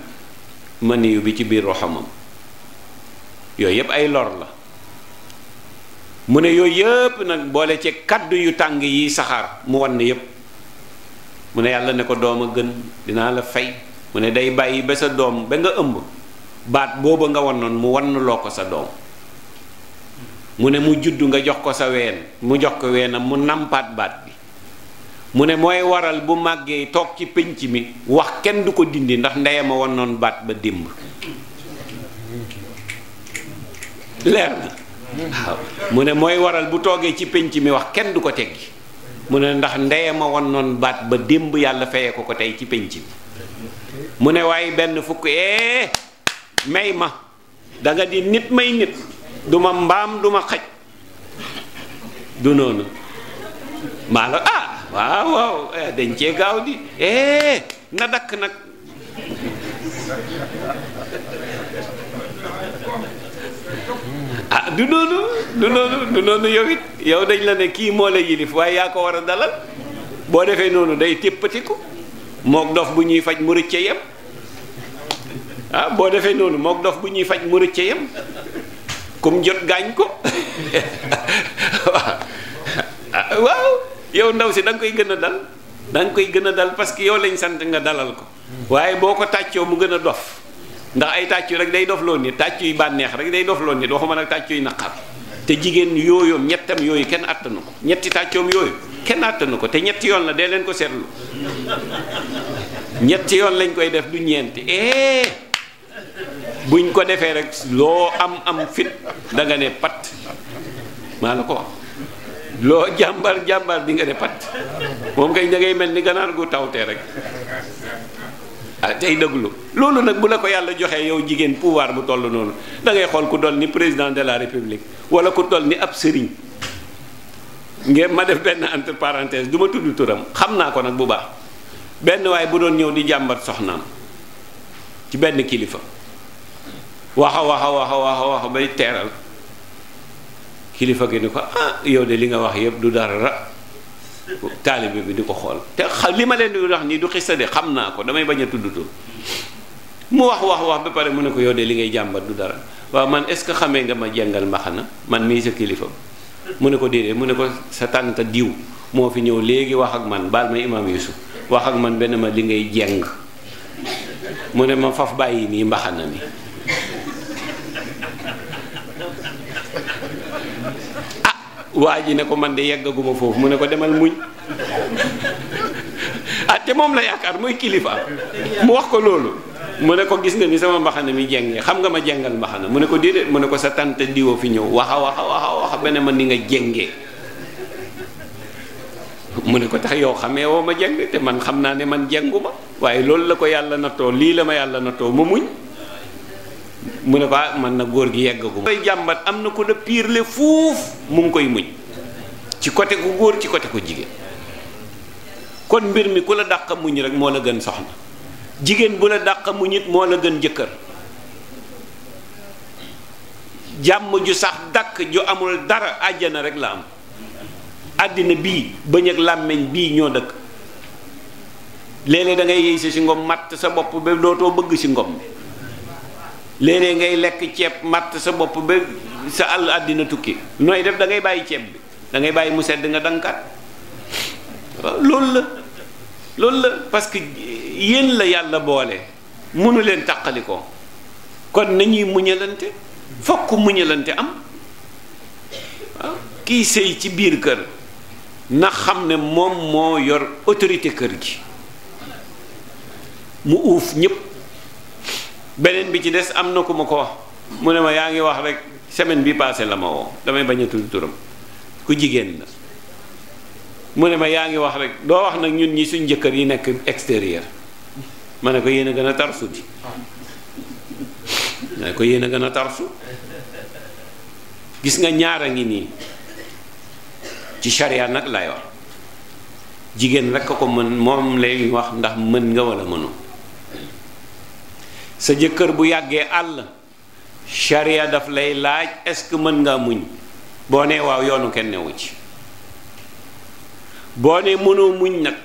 S1: maniyu bi ci biir roxamam yooyu yépp ay lor la mu ne yooyu yépp nag boole ci kaddu yu tàng yi saxaar mu wann yépp mu ne yàlla ne ko doom a gën dinaa la fay mu ne day bàyyi ba sa doom ba nga ëmb baat booba nga wannoon mu wann ko sa doom mu ne mu judd nga jox ko sa ween mu jox ko weenam mu nàmpaat baat bi mu ne mooy waral bu màggee toog ci pénc mi wax kenn du ko dindi ndax ndeyama wan noon baat ba démb ne mooy waral bu toogee ci pénc mi wax kenn du ko teggi mu ne ndax ndeyama wan baat ba démb yàlla feye ko ko tey ci pénc mi mu ne waaye benn fukk ee eh, may ma danga di nit may nit duma mbaam duma xaj du noonu maa ah waaw waaw eh, dañ cee gaaw di eh na dakk nag ah du noonu du noonu du noonu yow yow dañ la ne kii moo la yilif waaye yaa ko war a dalal boo defee noonu day téppatiku mook dof bu ñuy faj mu rëcce yem ah boo defee noonu mook dof bu ñuy faj mu rëcce yem kum jot gaañ ko waaw ah, yow ndaw si da nga koy gën a dal da nga koy gën a dal parce que yow lañ sant nga dalal ko waaye boo ko tàccoo mu gën a dof ndax ay tàccu rek day dof loo nit tàccu yu bànneex rek day dof loo nit waxuma nag tàccu yu naqar te jigéen yooyoom ñettam yooyu kenn àttanu ko ñetti tàccoom yooyu kenn àttanu ko te ñetti yoon la leen ko seetlu ñetti yoon lañ koy def du ñeenti eh buñ ko defee rek loo am am fit da nga ne pat maa la ko wax loo jàmbar jàmbar di nga ne pat moom kay da mel ni ganaar gu taw tawte rek a ah, tey dëgglu loolu nag bu la ko yàlla joxee yow jigéen pouvoir bu toll noonu da xool ku doll ni président de la république wala ku toll ni ab sëriñ ngeen ma def benn entre parenthèse du tudd turam xam naa ko nag bu baax benn waaye bu doon ñëw di jàmbat soxnaam ci benn kilifa waxa waxa waxa waxa waxa bay teeral kilifa gi ni ko ah yow de li nga wax yëpp du dara taalibe bi di ko xool te li ma leen di wax nii du xista de xam naa ko damay bañ a tudd tur mu wax wax wax ba pare mu ne ko yow de li ngay jàmbat du dara waaw man est ce que xamee nga ma jàngal mbaxana man mii sa kilifa mu ne ko déedéet mu ne ko sa tànta diw moo fi ñëw léegi wax ak man baal ma imaam Yusuf wax ak man benn ma li ngay jeng mu ne ma faf bàyyi nii mbaxana mi waa ji ne ko man de yeggaguma foofu mu ne ko demal muñ ah moom la yaakaar mooy kilifa mu wax ko loolu mu ne ko gis nga ni sama mbaxana mi jengee xam nga ma jàngal mbaxana mu ne ko déedéet mu ne ko sa tante diwo fi ñëw waxa waxa waxa waxa ba ne ma ni nga jengee mu ne ko tax yow xamee woo ma jeng te man xam naa ne man jengu ma waaye loolu la ko yàlla nattoo lii la ma yàlla nattoo ma muñ mu ne ko ah na góor gi yeggagum koy jàmbat am na ko la piir le mu ngi koy muñ ci côté ku góor ci côté ku jigéen kon mbir mi ku la dàq muñ rek moo la gën soxna jigéen bu la dàq muñ it moo la gën jëkkër jàmm ju sax dàkk ju amul dara àjjana rek la am àddina bii bëñ ak làmmiñ bii ñoo dëkk léeg-léeg da ngay yëy si si ngom matt sa bopp ba dootoo bëgg ci ngom bi léeg ngay lekk ceeb matt sa bopp ba sa àll àddina tukki nooy def dangay bàyyi ceeb bi da ngay bàyyi mu sedd nga dankat loolu la loolu la parce que yéen la yàlla boole mënu leen tàqali kon nañuy muñalante fokk muñalante am waaw kiy sëy ci biir kër na xam ne moom moo yor autorité kër gi mu uuf ñëpp beneen bi ci des am na ku ma ko wax mu ne ma yaa ngi wax rek semaine bi passé la ma woo damay bañ a tudd turam ku jigéen la mu ne ma yaa ngi wax rek doo wax nag ñun ñi suñ jëkkër yi nekk extérieur ma ne ko yéen a gën a tarsu di ko yéen a gën a tarsu gis nga ñaar a ngi nii ci charia nag lay wax jigéen rek ko mën moom lay wax ndax mën nga wala mënu sa jëkkër bu yàggee àll charia daf lay laaj est-ce que mën ngaa muñ boo nee waaw yoonu kenn newu ci boo nee mënoo muñ nag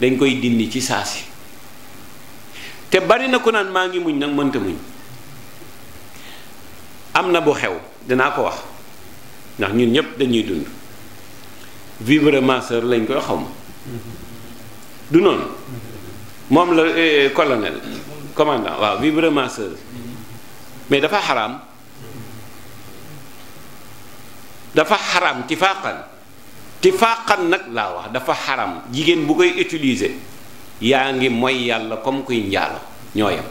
S1: dañ koy dindi ci saa si te bari na ku naan maa ngi muñ nag mënta muñ am na bu xew dinaa ko wax ndax ñun ñëpp dañuy dund vivre ma lañ koy xaw ma du noonu moom la eh, colonel commandant waaw bi vibromasseuse mais dafa xaraam dafa xaraam tifaaqan tifaaqan nag laa wax dafa xaram jigéen bu koy utiliser yaa ngi mooy yàlla comme kuy njaalo ñoo yem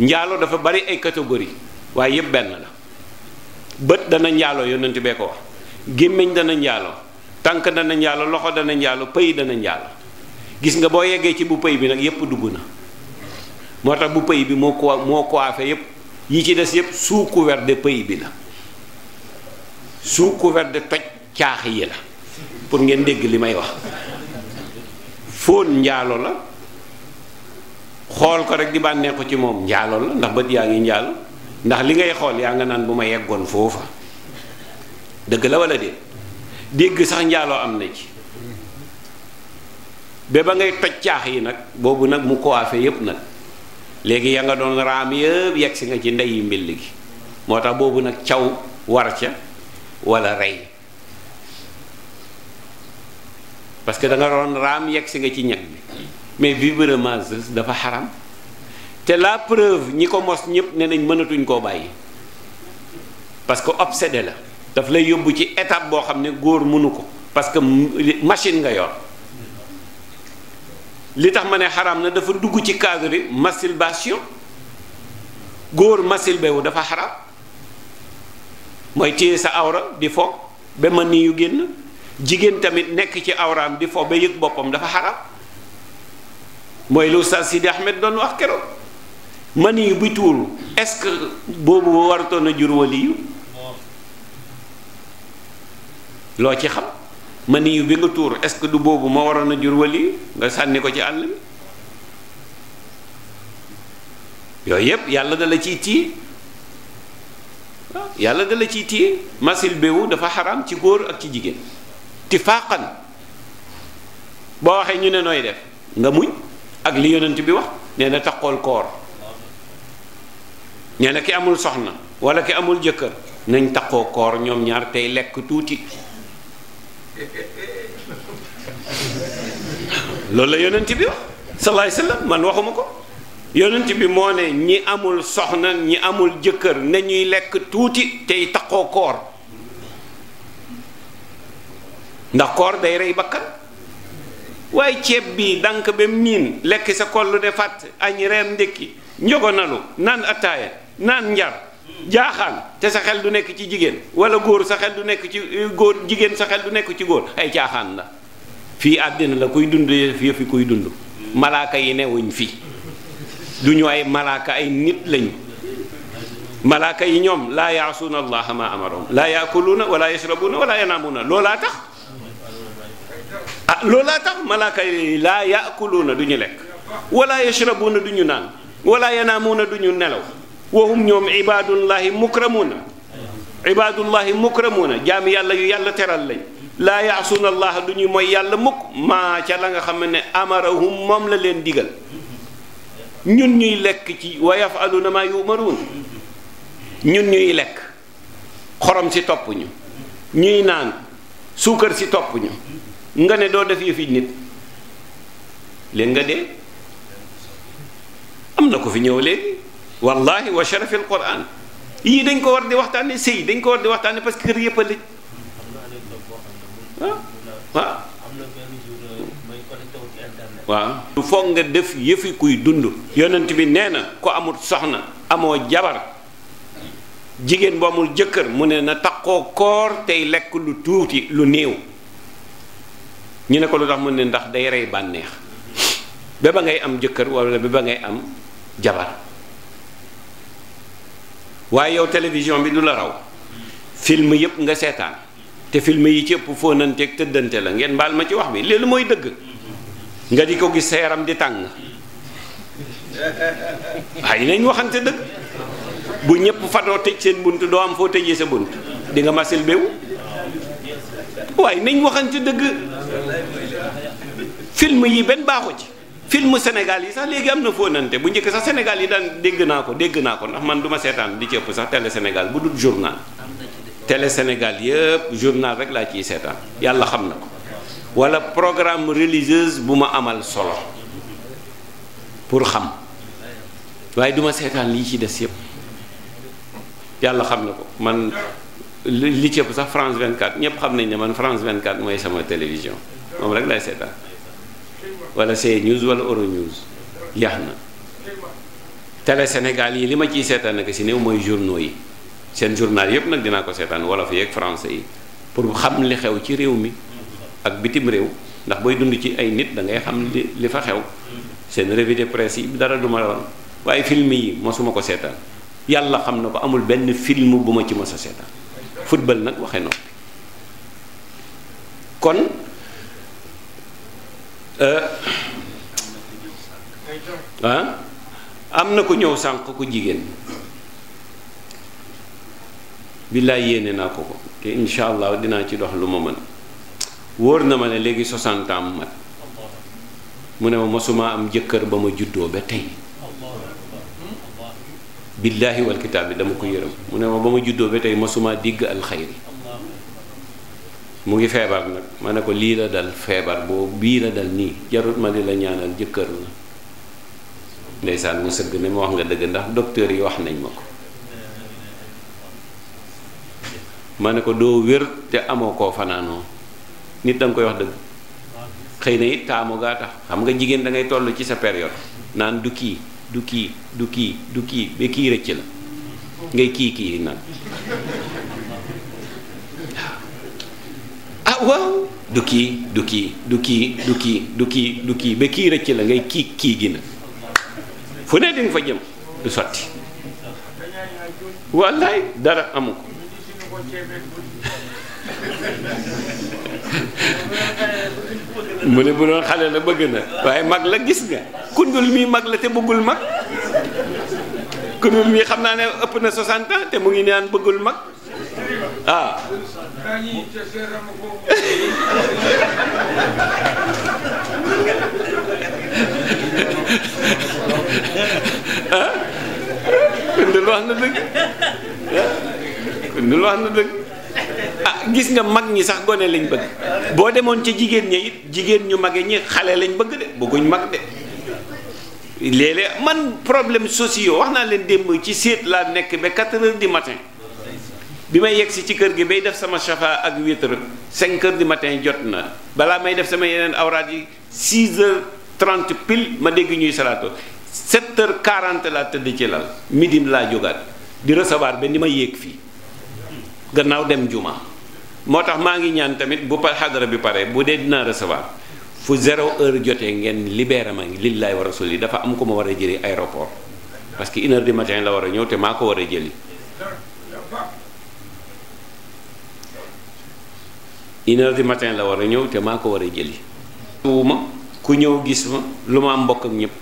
S1: njaalo dafa bari ay catégorie waaye yépp benn la bët dana njaalo yonent bee ko wax gémmiñ dana njaalo tànk dana njaalo loxo dana njaalo pëy dana njaalo gis nga boo yeggee ci bu pëy bi nag yépp dugg na moo tax bu pays bi moo ko moo ko coiffé yépp yi ci des yépp sous couvert de pays bi la sous couvert de toj caax yi la pour ngeen dégg li may wax fóon njaalo la xool ko rek di bànnee ko ci moom njaalo la ndax bët yaa ngi njaalo ndax li ngay xool yaa nga naan bu ma yeggoon foofa dëgg la wala déet dégg sax njaaloo am na ci ba ba ngay toj caax yi nag boobu nag mu ko coiffé yépp nag léegi ya nga doon raam yëpp yegg si nga ci ndeyi mbill gi moo tax boobu nag caw war ca wala rey parce que da nga doon raam yegg si nga ci ñag bi mais vibromaseuse dafa xaram te la preuve ñi ko mos ñëpp ne nañ mënatuñ koo bàyyi parce que obsédé la daf lay yóbbu ci étape boo xam ne góor mënu ko parce que machine nga yor li tax ma ne xaraam na dafa dugg ci cadre masturbation góor masturbé wu dafa xaraam mooy téye sa awra di fo ba yu génn jigéen tamit nekk ci awraam di fo yëg boppam dafa xaraam mooy lu Oustaz Sidi Ahmed doon wax keroog man yi bu tuuru est-ce que boobu waratoon a jur waliyu loo ci xam maniyu bi nga tuur est-ce que du boobu moo waroon a jur wali nga sànni ko ci àll bi yooyu yëpp yàlla da la ciy tii ah, yàlla da la ciy tii masil béwu dafa xaram ci góor ak ci jigéen tifaaqan boo waxee ñu ne nooy def nga muñ ak li yonent bi wax nee na taqool koor nee na ki amul soxna walla ki amul jëkkër nañ taqoo koor ñoom ñaar tey lekk tuuti loolu la yonent bi wax salaay sallam man waxuma ko yonent bi moo ne ñi amul soxna ñi amul jëkkër nañuy lekk tuuti tey taqoo koor ndax koor day rey bakkan waaye ceeb bi dank ba miin lekk sa kollu de fàtt añ reer ndékki nalu naan ataaya naan njar jaaxaan te sa xel du nekk ci jigéen wala góor sa xel du nekk ci euh, góor jigéen sa xel du nekk ci góor ay jaaxaan la fii àddina la kuy dund fii fi kuy dund malaaka yi newuñ fi du ñu ay malaaka ay nit lañu malaaka yi ñoom laa yaasuuna allaha ma amaroom laa yaakuluuna wala yashrabuuna wala yanaamuuna loolaa tax ah loolaa tax malaaka yi laa yaakuluuna du ñu lekk wala yashrabuuna duñu naan wala yanaamuuna du ñu nelaw wahum ñoom ibaadullahi mukramuuna ibaadullahi mukramuuna jaam yàlla yu yàlla teral lañ laa yaasuuna allah lu ñuy mooy yàlla mukk maa ca la nga xam ne amarahum moom la leen digal ñun ñuy lekk ci wa yafaluuna maa yumaruun ñun ñuy lekk xorom si topp ñuy naan suukar si topp nga ne doo def yëfi nit léegi nga dee am na ko fi ñëw léegi wallahi wa sharafil quran yii dañ ko war di waxtaane sëy dañ ko war di waxtaane parce que kër yëpp waaw lu foog nga def yëfi kuy dund yonent bi nee na ko amul soxna amoo jabar jigéen bu amul jëkkër mu ne na taqoo koor tey lekk lu tuuti lu niiw ñu ne ko lu tax mu ne ndax day rey bànneex ba ba ngay am jëkkër wala ba ba ngay am jabar waaye yow télévision bi du la raw film yëpp nga seetaan te film yi ci ëpp fóonanteeg tëddante la ngeen baal ma ci wax bi léegi mooy dëgg nga di ko gis sa yaram di tàng waaye nañ waxante dëgg bu ñëpp fatoo tëj seen bunt doo am foo tëjee sa bunt di nga masil béwu waaye nañ waxante dëgg film yi benn baaxu ci film Sénégal yi sax léegi am na fóonante bu njëkk sax Sénégal yi daan dégg naa ko dégg naa ko ndax man du ma seetaan di ci ëpp sax télé Sénégal bu dul journal télé Sénégal yëpp journal rek laa ciy seetaan yàlla xam na ko wala programme religieuse bu ma amal solo pour xam waaye duma seetaan lii ci des yëpp yàlla xam na ko man li li ëpp sax France 24 ñëpp xam nañ ne man France 24 mooy sama télévision moom rek lay seetaan wala C News wala Euronews yax na télé Sénégal yi li ma ciy seetaan nag si néew mooy journaux yi seen journal yëpp nag dinaa ko seetaan wolof yeeg français yi pour xam li xew ci réew mi ak bitim réew ndax booy dund ci ay nit da ngay xam li li fa xew seen revue de presse yi dara duma waaye film yi mosuma ko seetaan yàlla xam na ko amul benn film bu ma ci mos a seetaan football nag waxee noppi kon. Euh, am na ko ñëw sànq ku jigéen billaay yéene naa ko ko te incha allah dinaa ci dox lu ma mën wóor na ma ne léegi 60 mat mu ne ma mosuma am jëkkër ba ma juddoo ba tey billaahi wal kitaab bi dama ko yërëm mu ne ma ba ma juddoo ba tey mosuma digg alxayri mu ngi feebar nag ma ne ko lii la dal feebar boobu bii la dal nii jarut ma di la ñaanal jëkkër la ndeysaan mu sëgg ne ma wax nga dëgg ndax docteur yi wax nañ ma ko ma ne ko doo wér te amoo koo fanaanoo nit danga koy wax dëgg xëy na it taamu gaa tax xam nga jigéen dangay ngay toll ci sa période naan du kii du kii du kii du kii ba kii rëcc la ngay kii kii nag ah waaw du kii du kii du kii du kii du kii du kii rëcc la ngay kii kii gi na fu ne di nga fa jëm du sotti wallaay dara amu mu ne bu doon xale la bëgg na waaye mag la gis nga kundul mi mag la te bëggul mag kundul mi xam naa ne ëpp na 60 ans te mu ngi naan bëggul mag ah ah Koundél wax na dëgg Koundél wax na dëgg ah gis nga mag ñi sax gone lañ bëgg boo demoon ca jigéen ña it jigéen ñu mag ñi xale lañ bëgg de bëgguñ mag de léeg man problème sociaux wax naa leen démb ci seet laa nekk ba 4 heures du matin bi may si ci kër gi bay def sama shafa ak witr 5 heures du matin jot na balaa may def sama yeneen awraat yi 6 heures 30 pile ma dégg ñuy salaato 7 heures 40 laa tëdd ci lal midim laa jógaat di recevoir ba ni ma yéeg fii gannaaw dem juma moo tax maa ngi ñaan tamit bu pa xadara bi pare bu dee dinaa recevoir fu zéro heure jotee ngeen ngi lil lillaay war rasul yi dafa am ko ma war a jëli aéroport parce que une heure du la war a ñëw maa ko war a jëli une heure matin la war a ñëw te maa ko war a jëli wu ma ku ñëw gis ma lu ma am mbokk ak ñëpp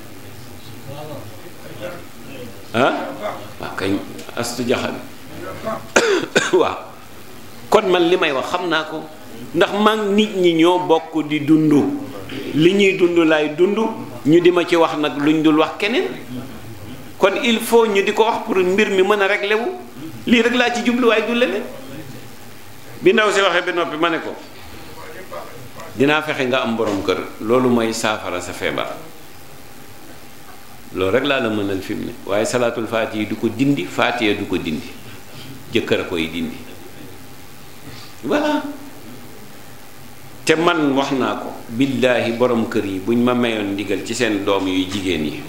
S1: ah waaw kañ astu jaxal waaw kon man li may wax xam naa ko ndax man nit ñi ñoo bokk di dundu li ñuy dund laay dund ñu di ma ci wax nag luñ dul wax keneen kon il faut ñu di ko wax pour mbir mi mën a régler wu lii rek laa ci jubluwaay du leneen bi ndaw si waxee ba noppi ma ne ko dinaa fexe nga am boroom kër loolu mooy saafara sa feebar loolu rek laa la mënal fi ne waaye salaatul faati yi du ko dindi faatiya du ko dindi jëkkër a koy dindi voilà te man wax naa ko billaahi borom kër yi buñ ma mayoon ndigal ci seen doom yuy jigéen yi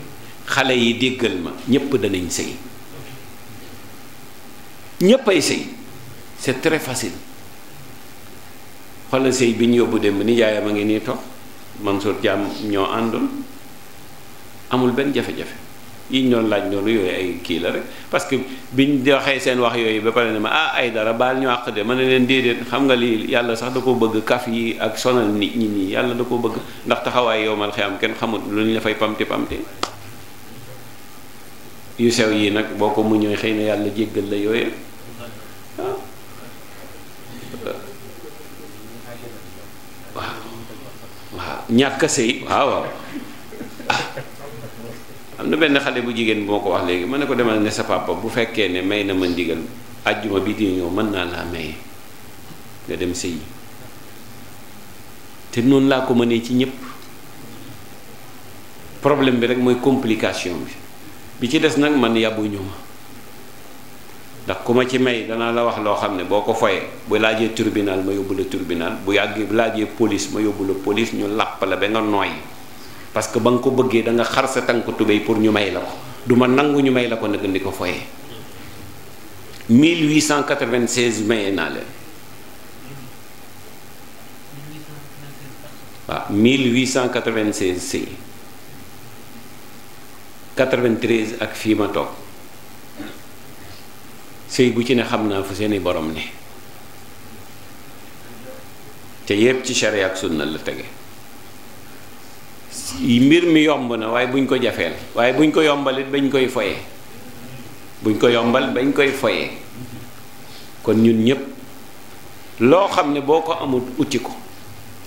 S1: xale yi déggal ma ñépp danañ sëy ñépp ay sëy c'est très facile xoolal sëy bi ñu yóbbu démb nijaayam a ngi nii man Mansour Thiam ñoo àndoon amul benn jafe-jafe yiñ doon laaj noonu yooyu ay kii la rek parce que biñ waxee seen wax yooyu ba pare ne ma ah ay dara baal ñu àq de ma ne leen déedéet xam nga lii yàlla sax da ko bëgg kaf yi ak sonal nit ñi nii yàlla da ko bëgg ndax taxawaay yowmal xiyam kenn xamut lu ñu la fay pamti pamti yu sew yii nag boo ko muñooy xëy na yàlla jéggal la yooyu waaw ñàkk a sëy waaw waaw ah. am na benn xale bu jigéen bu ma ko wax léegi ma ne ko demal ne sa papa bu fekkee ne may na man ndigal ajjuma bi di mën naa laa maye nga dem sëyi te noonu laa ko ma mënee ci ñëpp problème bi rek mooy complication bi bi ci des nag man yàbbuñu ma ndax ku ma ci may danaa la wax loo xam ne boo ko foyee bu laajee tribunal ma yóbbu la tribunal bu yàggee bu laajee police ma yóbbu la police ñu làpp la ba nga nooy parce que ba nga ko bëggee danga xar sa tànku tubéy pour ñu may la ko du ma nangu ñu may la ko nag di ko foyee 1896 maye naa leen waaw 1896 si 93 ak fii ma toog. sëy bu ci ne xam naa fu seeni borom ne te yépp ci sharia ak sunna la tege mbir mi yomb na waaye buñ ko jafeel waaye buñ ko yombalit bañ koy foye buñ ko yombal bañ koy foye kon ñun ñépp loo xam ne boo ko amul uti ko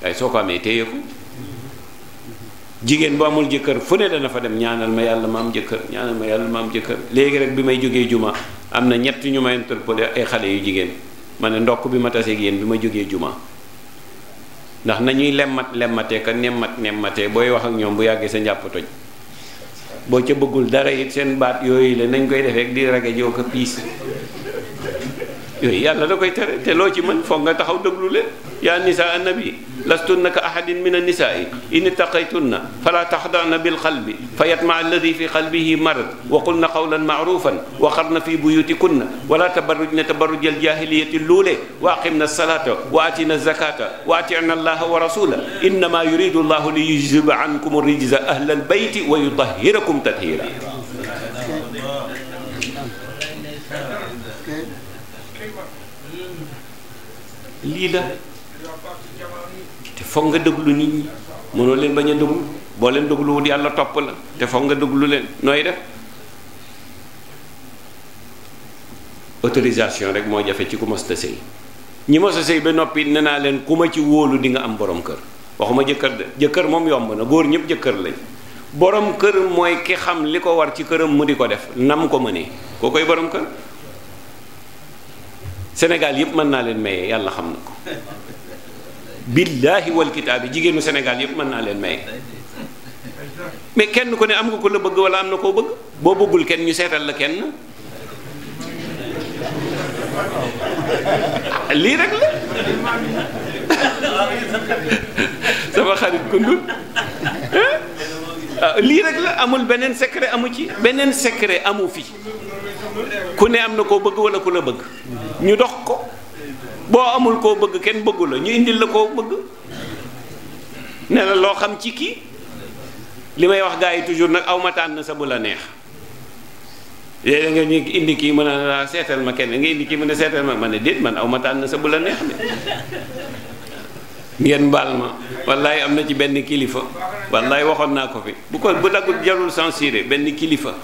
S1: waaye soo ko amee téye ko jigéen bu amul jëkkër fu ne dana fa dem ñaanal ma yàlla ma am jëkkër ñaanal ma yàlla ma am jëkkër léegi rek bi may jógee juma am na ñett ñu ma interpellé ay xale yu jigéen ma ne ndokk bi ma taseeg yéen bi ma jógee juma ndax nañuy lemmat lemmatee ka nemmat nemmatee booy wax ak ñoom bu yàggee sa njàpp toj boo ca bëggul dara it seen baat yooyu la nañ koy defee di rage joo ko piis yooyu yàlla da koy tere te loo ci mën foog nga taxaw déglu leen yaa nisaa annabi lastunna ka ahadin min annisaai in ittaqaytunna fala taxdana bilqalbi fa yatma alladi fi qalbihi marad wa qulna qawlan maarufan wa qarna fi buyutikunna wala tabarrujna tabarruj aljahiliyati luule wa aqimna salata wa atina zakata wa atina allaha wa rasula innama yuridu allahu li yujziba ankum rijza ahla albayti wa yutahhirakum tathira lii la te foog nga déglu nit ñi mënoo leen bañ a boo leen dégluwut yàlla topp la te foog nga déglu leen nooy def autorisation rek moo jafe ci ku mos sëy ñi mos a sëy ba noppi ne naa leen ku ma ci wóolu di nga am boroom kër waxuma jëkkër de jëkkër moom yomb na góor ñëpp jëkkër lañ borom kër mooy ki xam li ko war ci këram mu di ko def nam ko mënee koo koy borom kër Sénégal yëpp mën naa leen maye yàlla xam na ko billaahi wal jigéenu Sénégal yëpp mën naa leen maye mais kenn ku ne am nga ko bëgg wala am na koo bëgg boo bëggul kenn ñu seetal la kenn lii rek la ah, lii rek la amul beneen amu ci beneen secret amu fi ku ne am na koo bëgg wala ku la bëgg ñu dox ko boo amul koo bëgg kenn bëggu ñu indil la koo bëgg ne la loo xam ci kii li may wax gars yi toujours nag aw ma sa bu la neex léeg-léeg nga ñu indi kii mën a seetal ma kenn nga indi mën a seetal ma man ne déet man aw ma sa bu la neex de ngeen baal ma wallaay am na ci benn kilifa wallaay waxoon naa ko fi bu ko bu daggul jarul censuré benn kilifa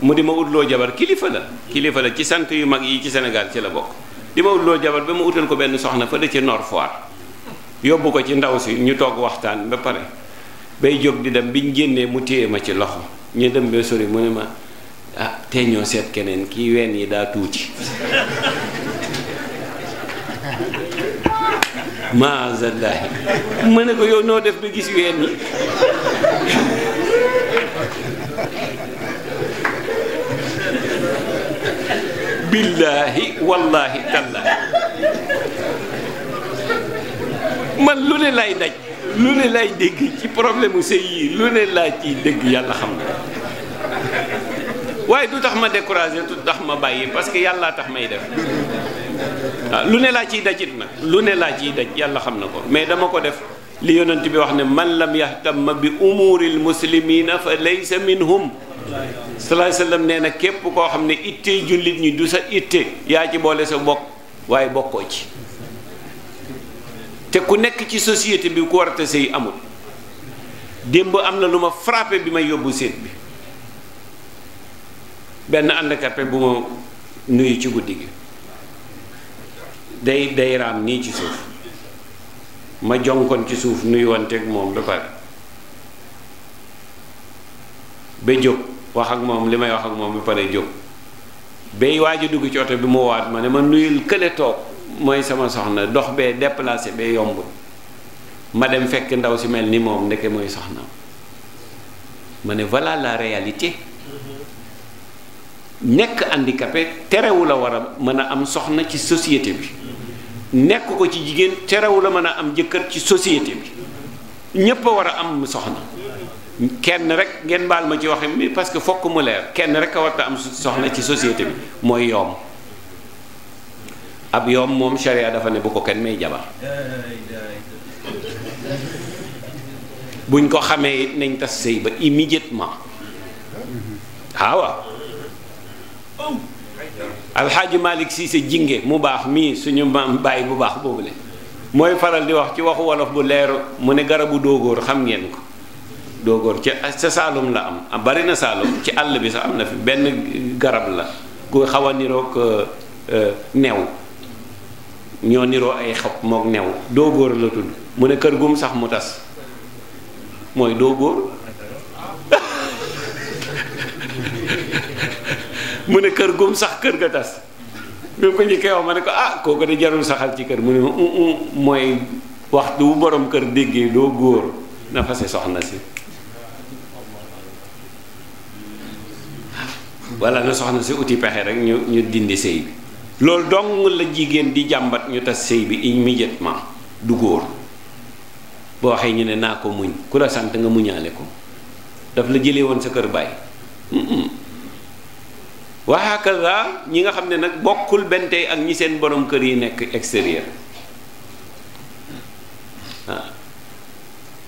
S1: mu di ma utloo jabar kilifa la kilifa la ci sant yu mag yi ci Sénégal ci la bokk di ma utloo jabar ba mu utal ko benn soxna fa ci Nord Foire yóbbu ko ci ndaw si ñu togg waxtaan ba pare bay jóg di dem biñ génnee mu téye ma ci loxo ñu dem ba sori mu ne ma ah seet keneen kii ween yi daa tuuti maazallaahi ma ne ko yow noo def ba gis ween yi billaahi wallaahi tallaahi man lu ne lay daj lu ne lay dégg ci problème sëy yi lu ne laa ciy dégg yàlla xam na waaye du tax ma découragé du tax ma bàyyi parce que yàllaa tax may def waaw ah, lu ne laa ciy dajit nag lu ne laa ciy daj yàlla xam na ko mais dama ko def li yonent bi wax ne man lam yahtam bi umuuril muslimiina fa laysa minhum salaay sallam nee na képp koo xam ne ittee jullit ñi du sa itte yaa ci boole sa bokk waaye bokkoo ci te ku nekk ci société bi ku war a amul démb am na lu ma frappé bi may yóbbu séet bi benn handicapé bu ma nuyu ci guddi gi day day raam nii ci suuf ma jonkoon ci suuf nuyu wanteeg moom ba pare ba jóg wax ak moom li may wax ak moom ba pare jóg bay waaj a dugg ci oto bi mu waat ma ne ma nuyul kële toog mooy sama soxna dox bee déplacé bee yombul ma dem fekk ndaw si mel ni moom ndeke mooy soxna ma ne voilà la réalité nekk handicapé terewu la war a mën a am soxna ci société bi nekk ko ci jigéen terewu la mën a am jëkkër ci société bi ñépp a war a am soxna kenn rek ngeen baal ma ci waxe mi parce que fokk mu leer kenn rek a warta am soxla ci société bi mooy yoom ab yoom moom sharia dafa ne bu ko kenn may jabar buñ ko xamee nañ tas sëy ba immédiatement ah waaw alxaaji si Cissé jinge mu baax mii suñu maam bàyyi bu baax boobule mooy faral di wax ci waxu wolof bu leeru mu ne garabu doogóor xam ngeen ko doo góor ca ca saalum la am bari na saalum ci àll bi sax am na fi benn garab la ku xaw a niroog euh, euh, new ñoo niroo ay xob moog new doo góor la tudd mu ne kër gum sax mu tas mooy doo mu ne kër gum sax kër ga tas bi wax ma ne ko ah ko de jarul saxal ci kër mu ne mooy waxtu bu borom kër déggee doo góor na fase soxna si wala na soxna si uti pexe rek ñu ñu dindi sëy bi loolu dong la jigéen di jàmbat ñu tas sëy bi immédiatement du góor boo waxee ñu ne naa ko muñ ku la sant nga muñaale ko daf la jëlee woon sa kër baay waxaakaza ñi nga xam ne nag bokkul benn tey ak ñi seen boroom kër yi nekk extérieur waaw ah.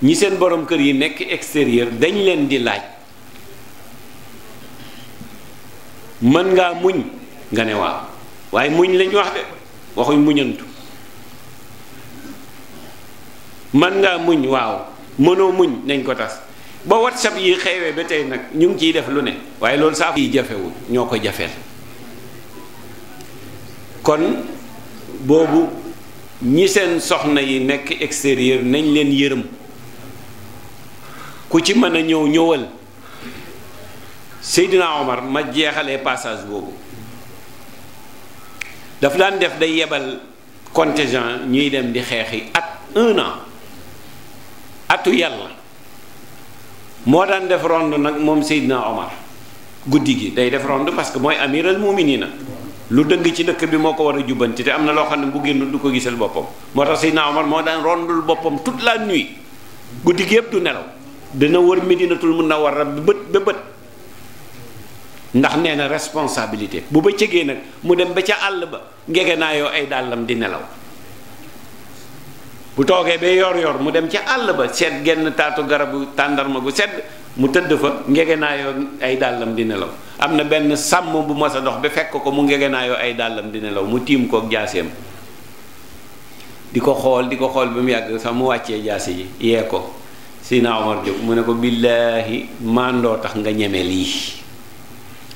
S1: ñi seen borom kër yi nekk extérieur dañu leen di laaj mën ngaa muñ nga ne waaw waaye muñ lañ wax de waxuñ muñantu mën ngaa muñ waaw mënoo muñ nañ ko tas ba wat whatsapp yi xeewee ba tey nag ñu ngi ciy def lu ne waaye loolu saaf yi jafewul ñoo ko jafeel kon boobu ñi seen soxna yi nekk extérieur nañ leen yërëm ku ci mën a ñëw ñëwal seydinaa Omar ma jeexalee passage boobu dafa daan def day yebal contingent ñuy dem di xeexi at un an atu yàlla moo daan def ronde nag moom Seydina Omar guddi gi day def ronde parce que mooy amiral muminina lu dëgg ci dëkk bi moo ko war a jubbanti te am na loo xam ne bu génn du ko gisal boppam moo tax Seydina Omar moo daan rondul boppam toute la nuit guddi gi yëpp du nelaw dina wër Medinatul Munawwara ba bët ba bët ndax nee na responsabilité bu ba cëgee nag mu dem ba ca àll ba ngege ay dàllam di nelaw bu toogee ba yor yor mu dem ca àll ba seet genn taatu garabu tàndarma gu sedd mu tëdd fa njegenaayoo ay dàllam di nelaw am na benn sàmm bu mas a dox ba fekk ko mu ngege ay dàllam di nelaw mu tiim kook jaaseem di ko xool di ko xool ba mu yàgg sax mu wàccee jaase yi yee ko Sina Omar jóg mu ne ko billaahi màndoo tax nga ñeme lii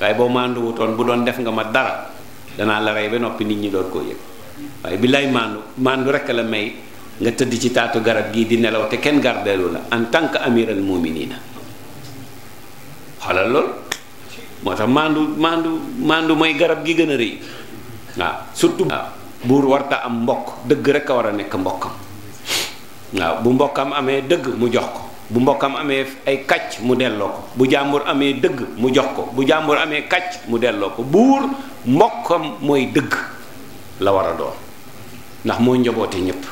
S1: waaye boo maandu wutoon bu doon def nga ma dara danaa la rey ba noppi nit ñi door koo yëg waaye billaay maandu maandu rek la may nga tëdd ci taatu garab gii di nelaw te kenn gardeelu la en tant que amiral muminina xoolal loolu moo tax maandu maandu maandu mooy garab gi gën a rëy waaw surtout buur warta am mbokk dëgg rek a war a nekk mbokkam waaw bu mbokkam amee dëgg mu jox ko bu mbokkam amee ay kàcc mu delloo ko bu jàmbur amee dëgg mu jox ko bu jàmbur amee kàcc mu delloo ko buur mbokkam mooy dëgg la war a doon ndax moo njaboote ñépp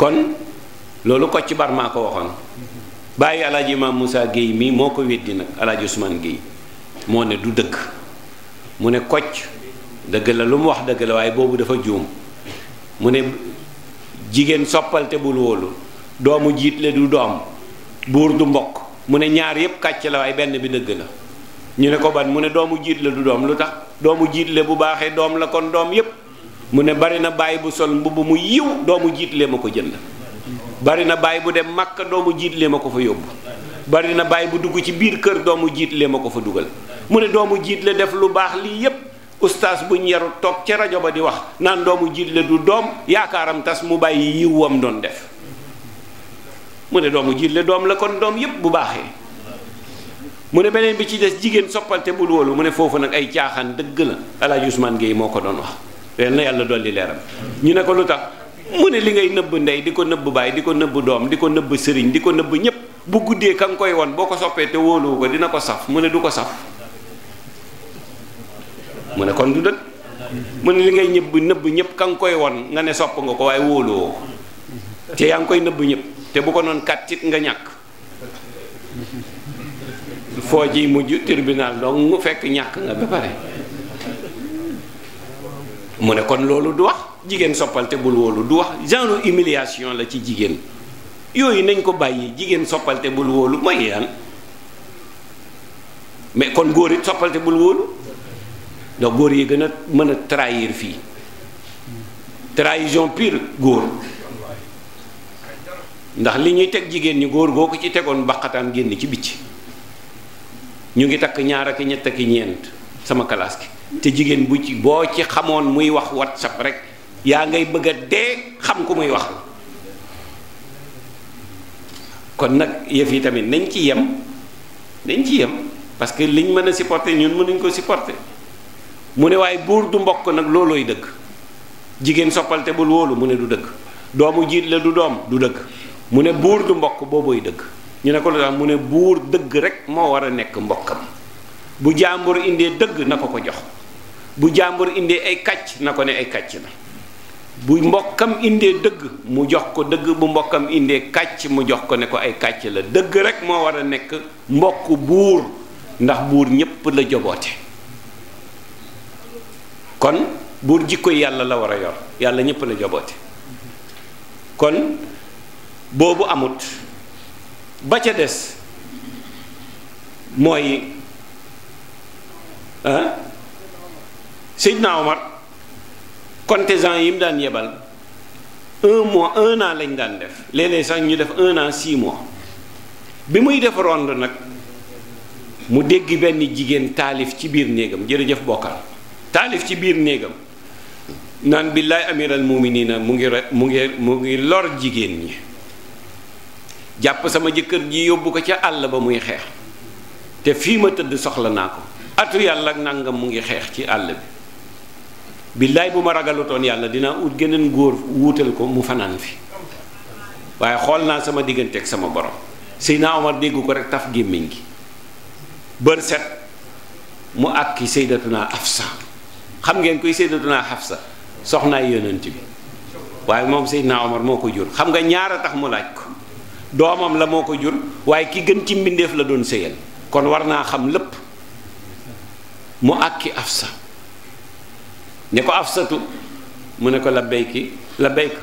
S1: kon loolu ko ci bar ko waxoon bàyyi alaaji ma Moussa Guèye mii moo ko weddi nag alaaji Ousmane Guèye moo ne du dëgg mu ne kocc dëgg la lu mu wax dëgg la waaye boobu dafa juum mu ne jigéen soppal te bul wóolul doomu jiit la du doom buur du mbokk mu ne ñaar yépp kàcc la waaye benn bi dëgg la ñu ne ko ban mu ne doomu jiit la du doom lu tax doomu jiitle bu baaxee doom la kon doom yépp mu ne bari na baay bu sol mbubb mu yiw doomu jiit lee ma ko jënd bari na baay bu dem Makka doomu jiit lee ma ko fa yóbbu bari na baay bu dugg ci biir kër doomu jiit lee ma ko fa dugal mu ne doomu jiit def lu baax lii yépp ustaas buñ yaru toog ca rajo ba di wax naan doomu jiit la du doom yaakaaram tas mu bàyyi yiw wam doon def mu ne doomu jiit la doom la kon doom yépp bu baaxee mu ne beneen bi ci des jigéen soppal te bul wóolu mu ne foofu nag ay caaxaan dëgg la El Hadj Ousmane moo ko doon wax yal na yàlla dolli leeram ñu ne ko lu tax mu ne li ngay nëbb ndey di ko nëbb baay di ko nëbb doom di ko nëbb sëriñ di ko nëbb ñépp bu guddee ka nga koy won boo ko soppee te wóoluwu dina ko saf mu ne du ko saf mu ne kon du dëgg mu ne li ngay ñëbb nëbb ñëpp ka nga koy won nga ne sopp nga ko waaye wóoloo te yaa ngi koy nëbb ñëpp te bu ko noon kàttit nga ñàkk foo ji mujj tribunal donc mu fekk ñàkk nga ba pare mu ne kon loolu du wax jigéen soppal te bul woolu du wax genre humiliation la ci jigéen yooyu nañ ko bàyyi jigéen soppal te bul wóolu mooy yan mais kon góor it soppal te bul wóolu ndax góor yi gën a mën a trahir fii trahison piir góor ndax li ñuy teg jigéen ñu góor goo ko ci tegoon baqataan génn ci bicc ñu ngi takk ñaar ak ñett ak ñeent sama kalaas ki te jigéen bu ci boo ci xamoon muy wax wat whatsapp rek yaa ngay bëgg a dee xam ku muy wax kon nag yëf yi tamit nañ ci yem nañ ci yem parce que liñ mën a supporter ñun mënuñ ko supporter mu ne waaye buur du mbokk nag loolooy dëgg jigéen soppal te bul wóolu mu ne du dëgg doomu jiit la du doom du dëgg mu ne buur du mbokk boobooy dëgg ñu ne ko lu tax mu ne buur dëgg rek moo war a nekk mbokkam bu jàmbur indee dëgg na ko ko jox bu jàmbur indee ay kàcc na ko ne ay kàcc bu mbokkam indee dëgg mu jox ko dëgg bu mbokkam indee kàcc mu jox ko ne ko ay kàcc la dëgg rek moo war a nekk mbokk buur ndax buur ñépp la joboote kon buur jikko yàlla la war a yor yàlla ñëpp la joboote kon boobu amut ba ca des mooy ah Seydina Omar contestant yi mu daan yebal un mois un an lañ daan def léeg-léeg sax ñu def un an six mois bi muy def ronde nag mu dégg benn jigéen taalif ci biir néegam jërëjëf bokkal taalif ci biir néegam naan billaay amiral muminina mu ngi mu ngi mu ngi lor jigéen ñi jàpp sama jëkkër ji yóbbu ko ca àll ba muy xeex te fii ma tëdd soxla naa ko atu yàlla ak nangam mu ngi xeex ci àll bi billaay bu ma ragalutoon yàlla dinaa ut geneen góor wuutal ko mu fanaan fi waaye xool naa sama diggante ak sama borom naa Omar dégg ko rek taf gémmiñ gi bër set mu àkki Sayyidatuna Afsa xam ngeen kuy sayyidatuna Xafsa soxnaay yonent bi waaye moom Seydina Omar moo ko jur xam nga ñaar a tax mu laaj ko doomam la moo ko jur waaye ki gën ci mbindéef la doon sëyal kon war naa xam lépp mu àkki Afsa ne ko af Afsatu mu ne ko la béyki la béyk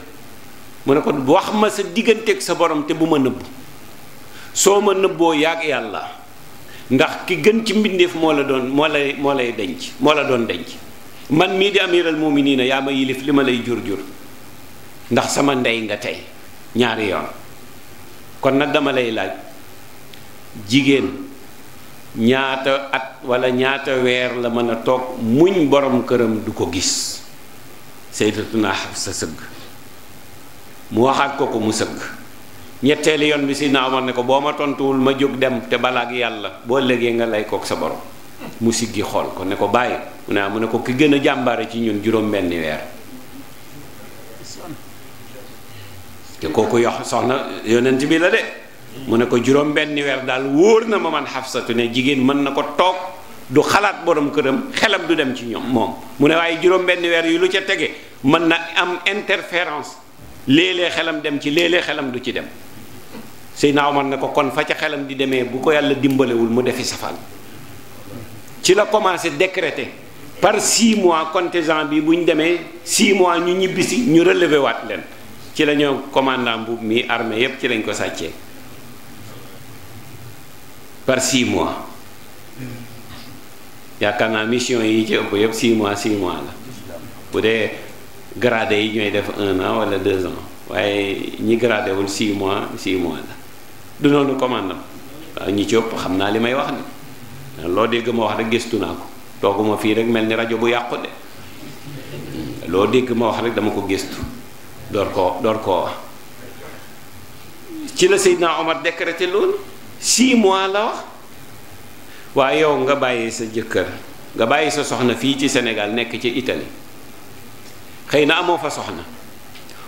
S1: mu ne ko wax ma sa digganteeg sa borom te bu ma nëbb soo ma nëbboo yaag yàlla ndax ki gën ci mbindeef moo la doon moo lay moo lay denc moo la doon denc man mii di amiral muminina yaa ma yilif li ma lay jur jur ndax sama ndey nga tey ñaari yoon kon nag dama lay laaj jigéen ñaata at wala ñaata weer la mën a toog muñ borom këram du ko gis sayyidatuna sa sëgg mu waxaat ko ko mu sëgg ñetteeli yoon bi si naa Omar ne ko boo ma tontuwul ma jóg dem te balaak yàlla boo légee nga lay kook sa borom mu siggi xool ko ne ko bàyyi mu ne ah, mu ne ko ki gën a jàmbaare ci ñun juróom benni weer te kooku yox soxna yonent bi la de mu ne ko juróom benni weer daal wóor na ma man xafsatu ne jigéen mën na ko toog du xalaat boroom këram xelam du dem ci ñoom moom mu ne waaye juróom benni weer yu lu ca tege mën na am interférence léeg xelam dem ci léeg xelam du ci dem Seydina Omar ne ko kon fa ca xelam di demee bu ko yàlla dimbalewul mu defi safaan ci la commencé décréter par 6 mois contingent bi bu ñu demee 6 mois ñu ñibbisi ñu relever waat leen ci la ñoo commandant mbubb mi armée yépp ci lañ ko sàccee par 6 mois yaakaar naa mission yi ci ëpp yépp 6 mois 6 mois la bu dee gradé yi ñooy def un an wala deux ans waaye ñi gradé wul 6 mois 6 mois la du noonu commandant waaw ñi ci ëpp xam naa li may wax ne loo dégg ma wax rek géstu naa ko tooguma fii rek mel ni rajo bu yàqu de loo dégg ma wax rek dama ko gëstu door koo door koo wax ci la Seydina Omar décrété loolu six mois la wax waaye yow nga bàyyi sa jëkkër nga bàyyi sa soxna fii ci senegal nekk ci Italie xëy na amoo fa soxna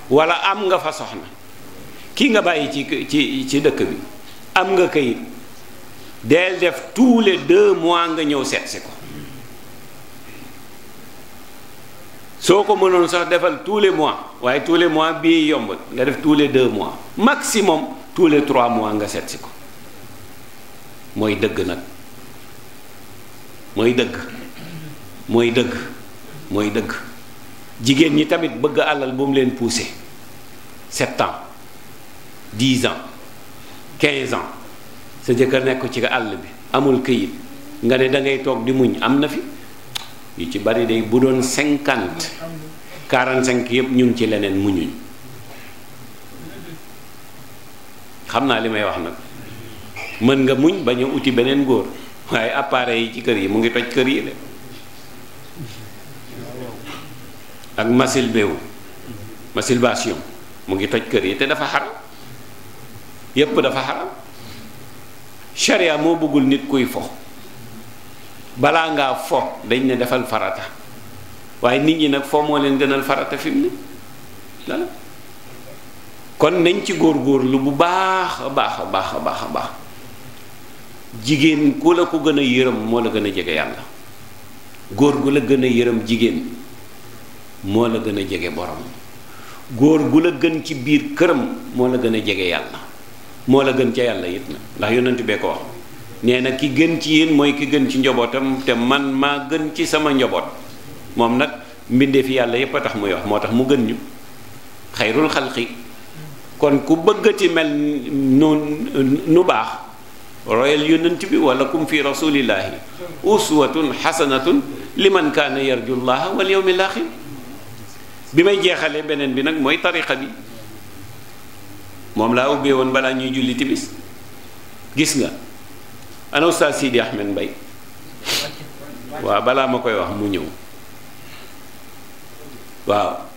S1: wala am nga fa soxna kii nga bàyyi ci ci ci dëkk bi am nga kayit del def tous les deux mois nga ñëw seet si ko soo ko mënoon sax defal tous les mois waaye tous les mois bii yombut nga def tous les deux mois maximum tous les trois mois nga seet ko mooy dëgg nag mooy dëgg mooy dëgg mooy dëgg jigéen ñi tamit bëgg àllal bu mu leen pousser sept ans dix ans quinze ans sa jëkkër nekku ci àll bi amul këyit nga ne da toog di muñ am na fi yu ci bari day bu doon cinquante quarante cinq yëpp ñu ngi ci leneen muñuñ xam naa li may wax nag mën nga muñ bañ a uti beneen góor waaye appareil yi ci kër yi mu ngi toj kër yi de ak masil beewu masilbation mu ngi toj kër yi te dafa xaram yépp dafa xaram sharia moo bëggul nit kuy fo balaa ngaa fo dañ ne defal farata waaye nit ñi nag fo moo leen gënal farata fi mu kon nañ ci góor góor lu a baax a baax a baax a baax jigéen ku la ko gën a yërëm moo la gën a jege yàlla góor gu la gën a yërëm jigéen moo la gën a jege borom góor gu la gën ci biir këram moo la gën a jege yàlla moo la gën ca yàlla it na ndax yonent bee ko wax nee na ki gën ci yéen mooy ki gën ci njobootam te man maa gën ci sama njoboot moom nag mbindeef yàlla yépp a tax muy wax moo tax mu gën ñu xayrul xalqi kon ku bëggati mel nu nu baax royal yonent bi wala kum fi rasulillahi uswatun xasanatun liman kaana yarjullaha wal yawmil axir bi may jeexalee beneen bi nag mooy tariqa bi moom laa ubbee woon balaa ñuy julli timis gis nga ana Oustaz Sidi Ahmed Mbay waaw balaa ma koy wax mu ñëw waaw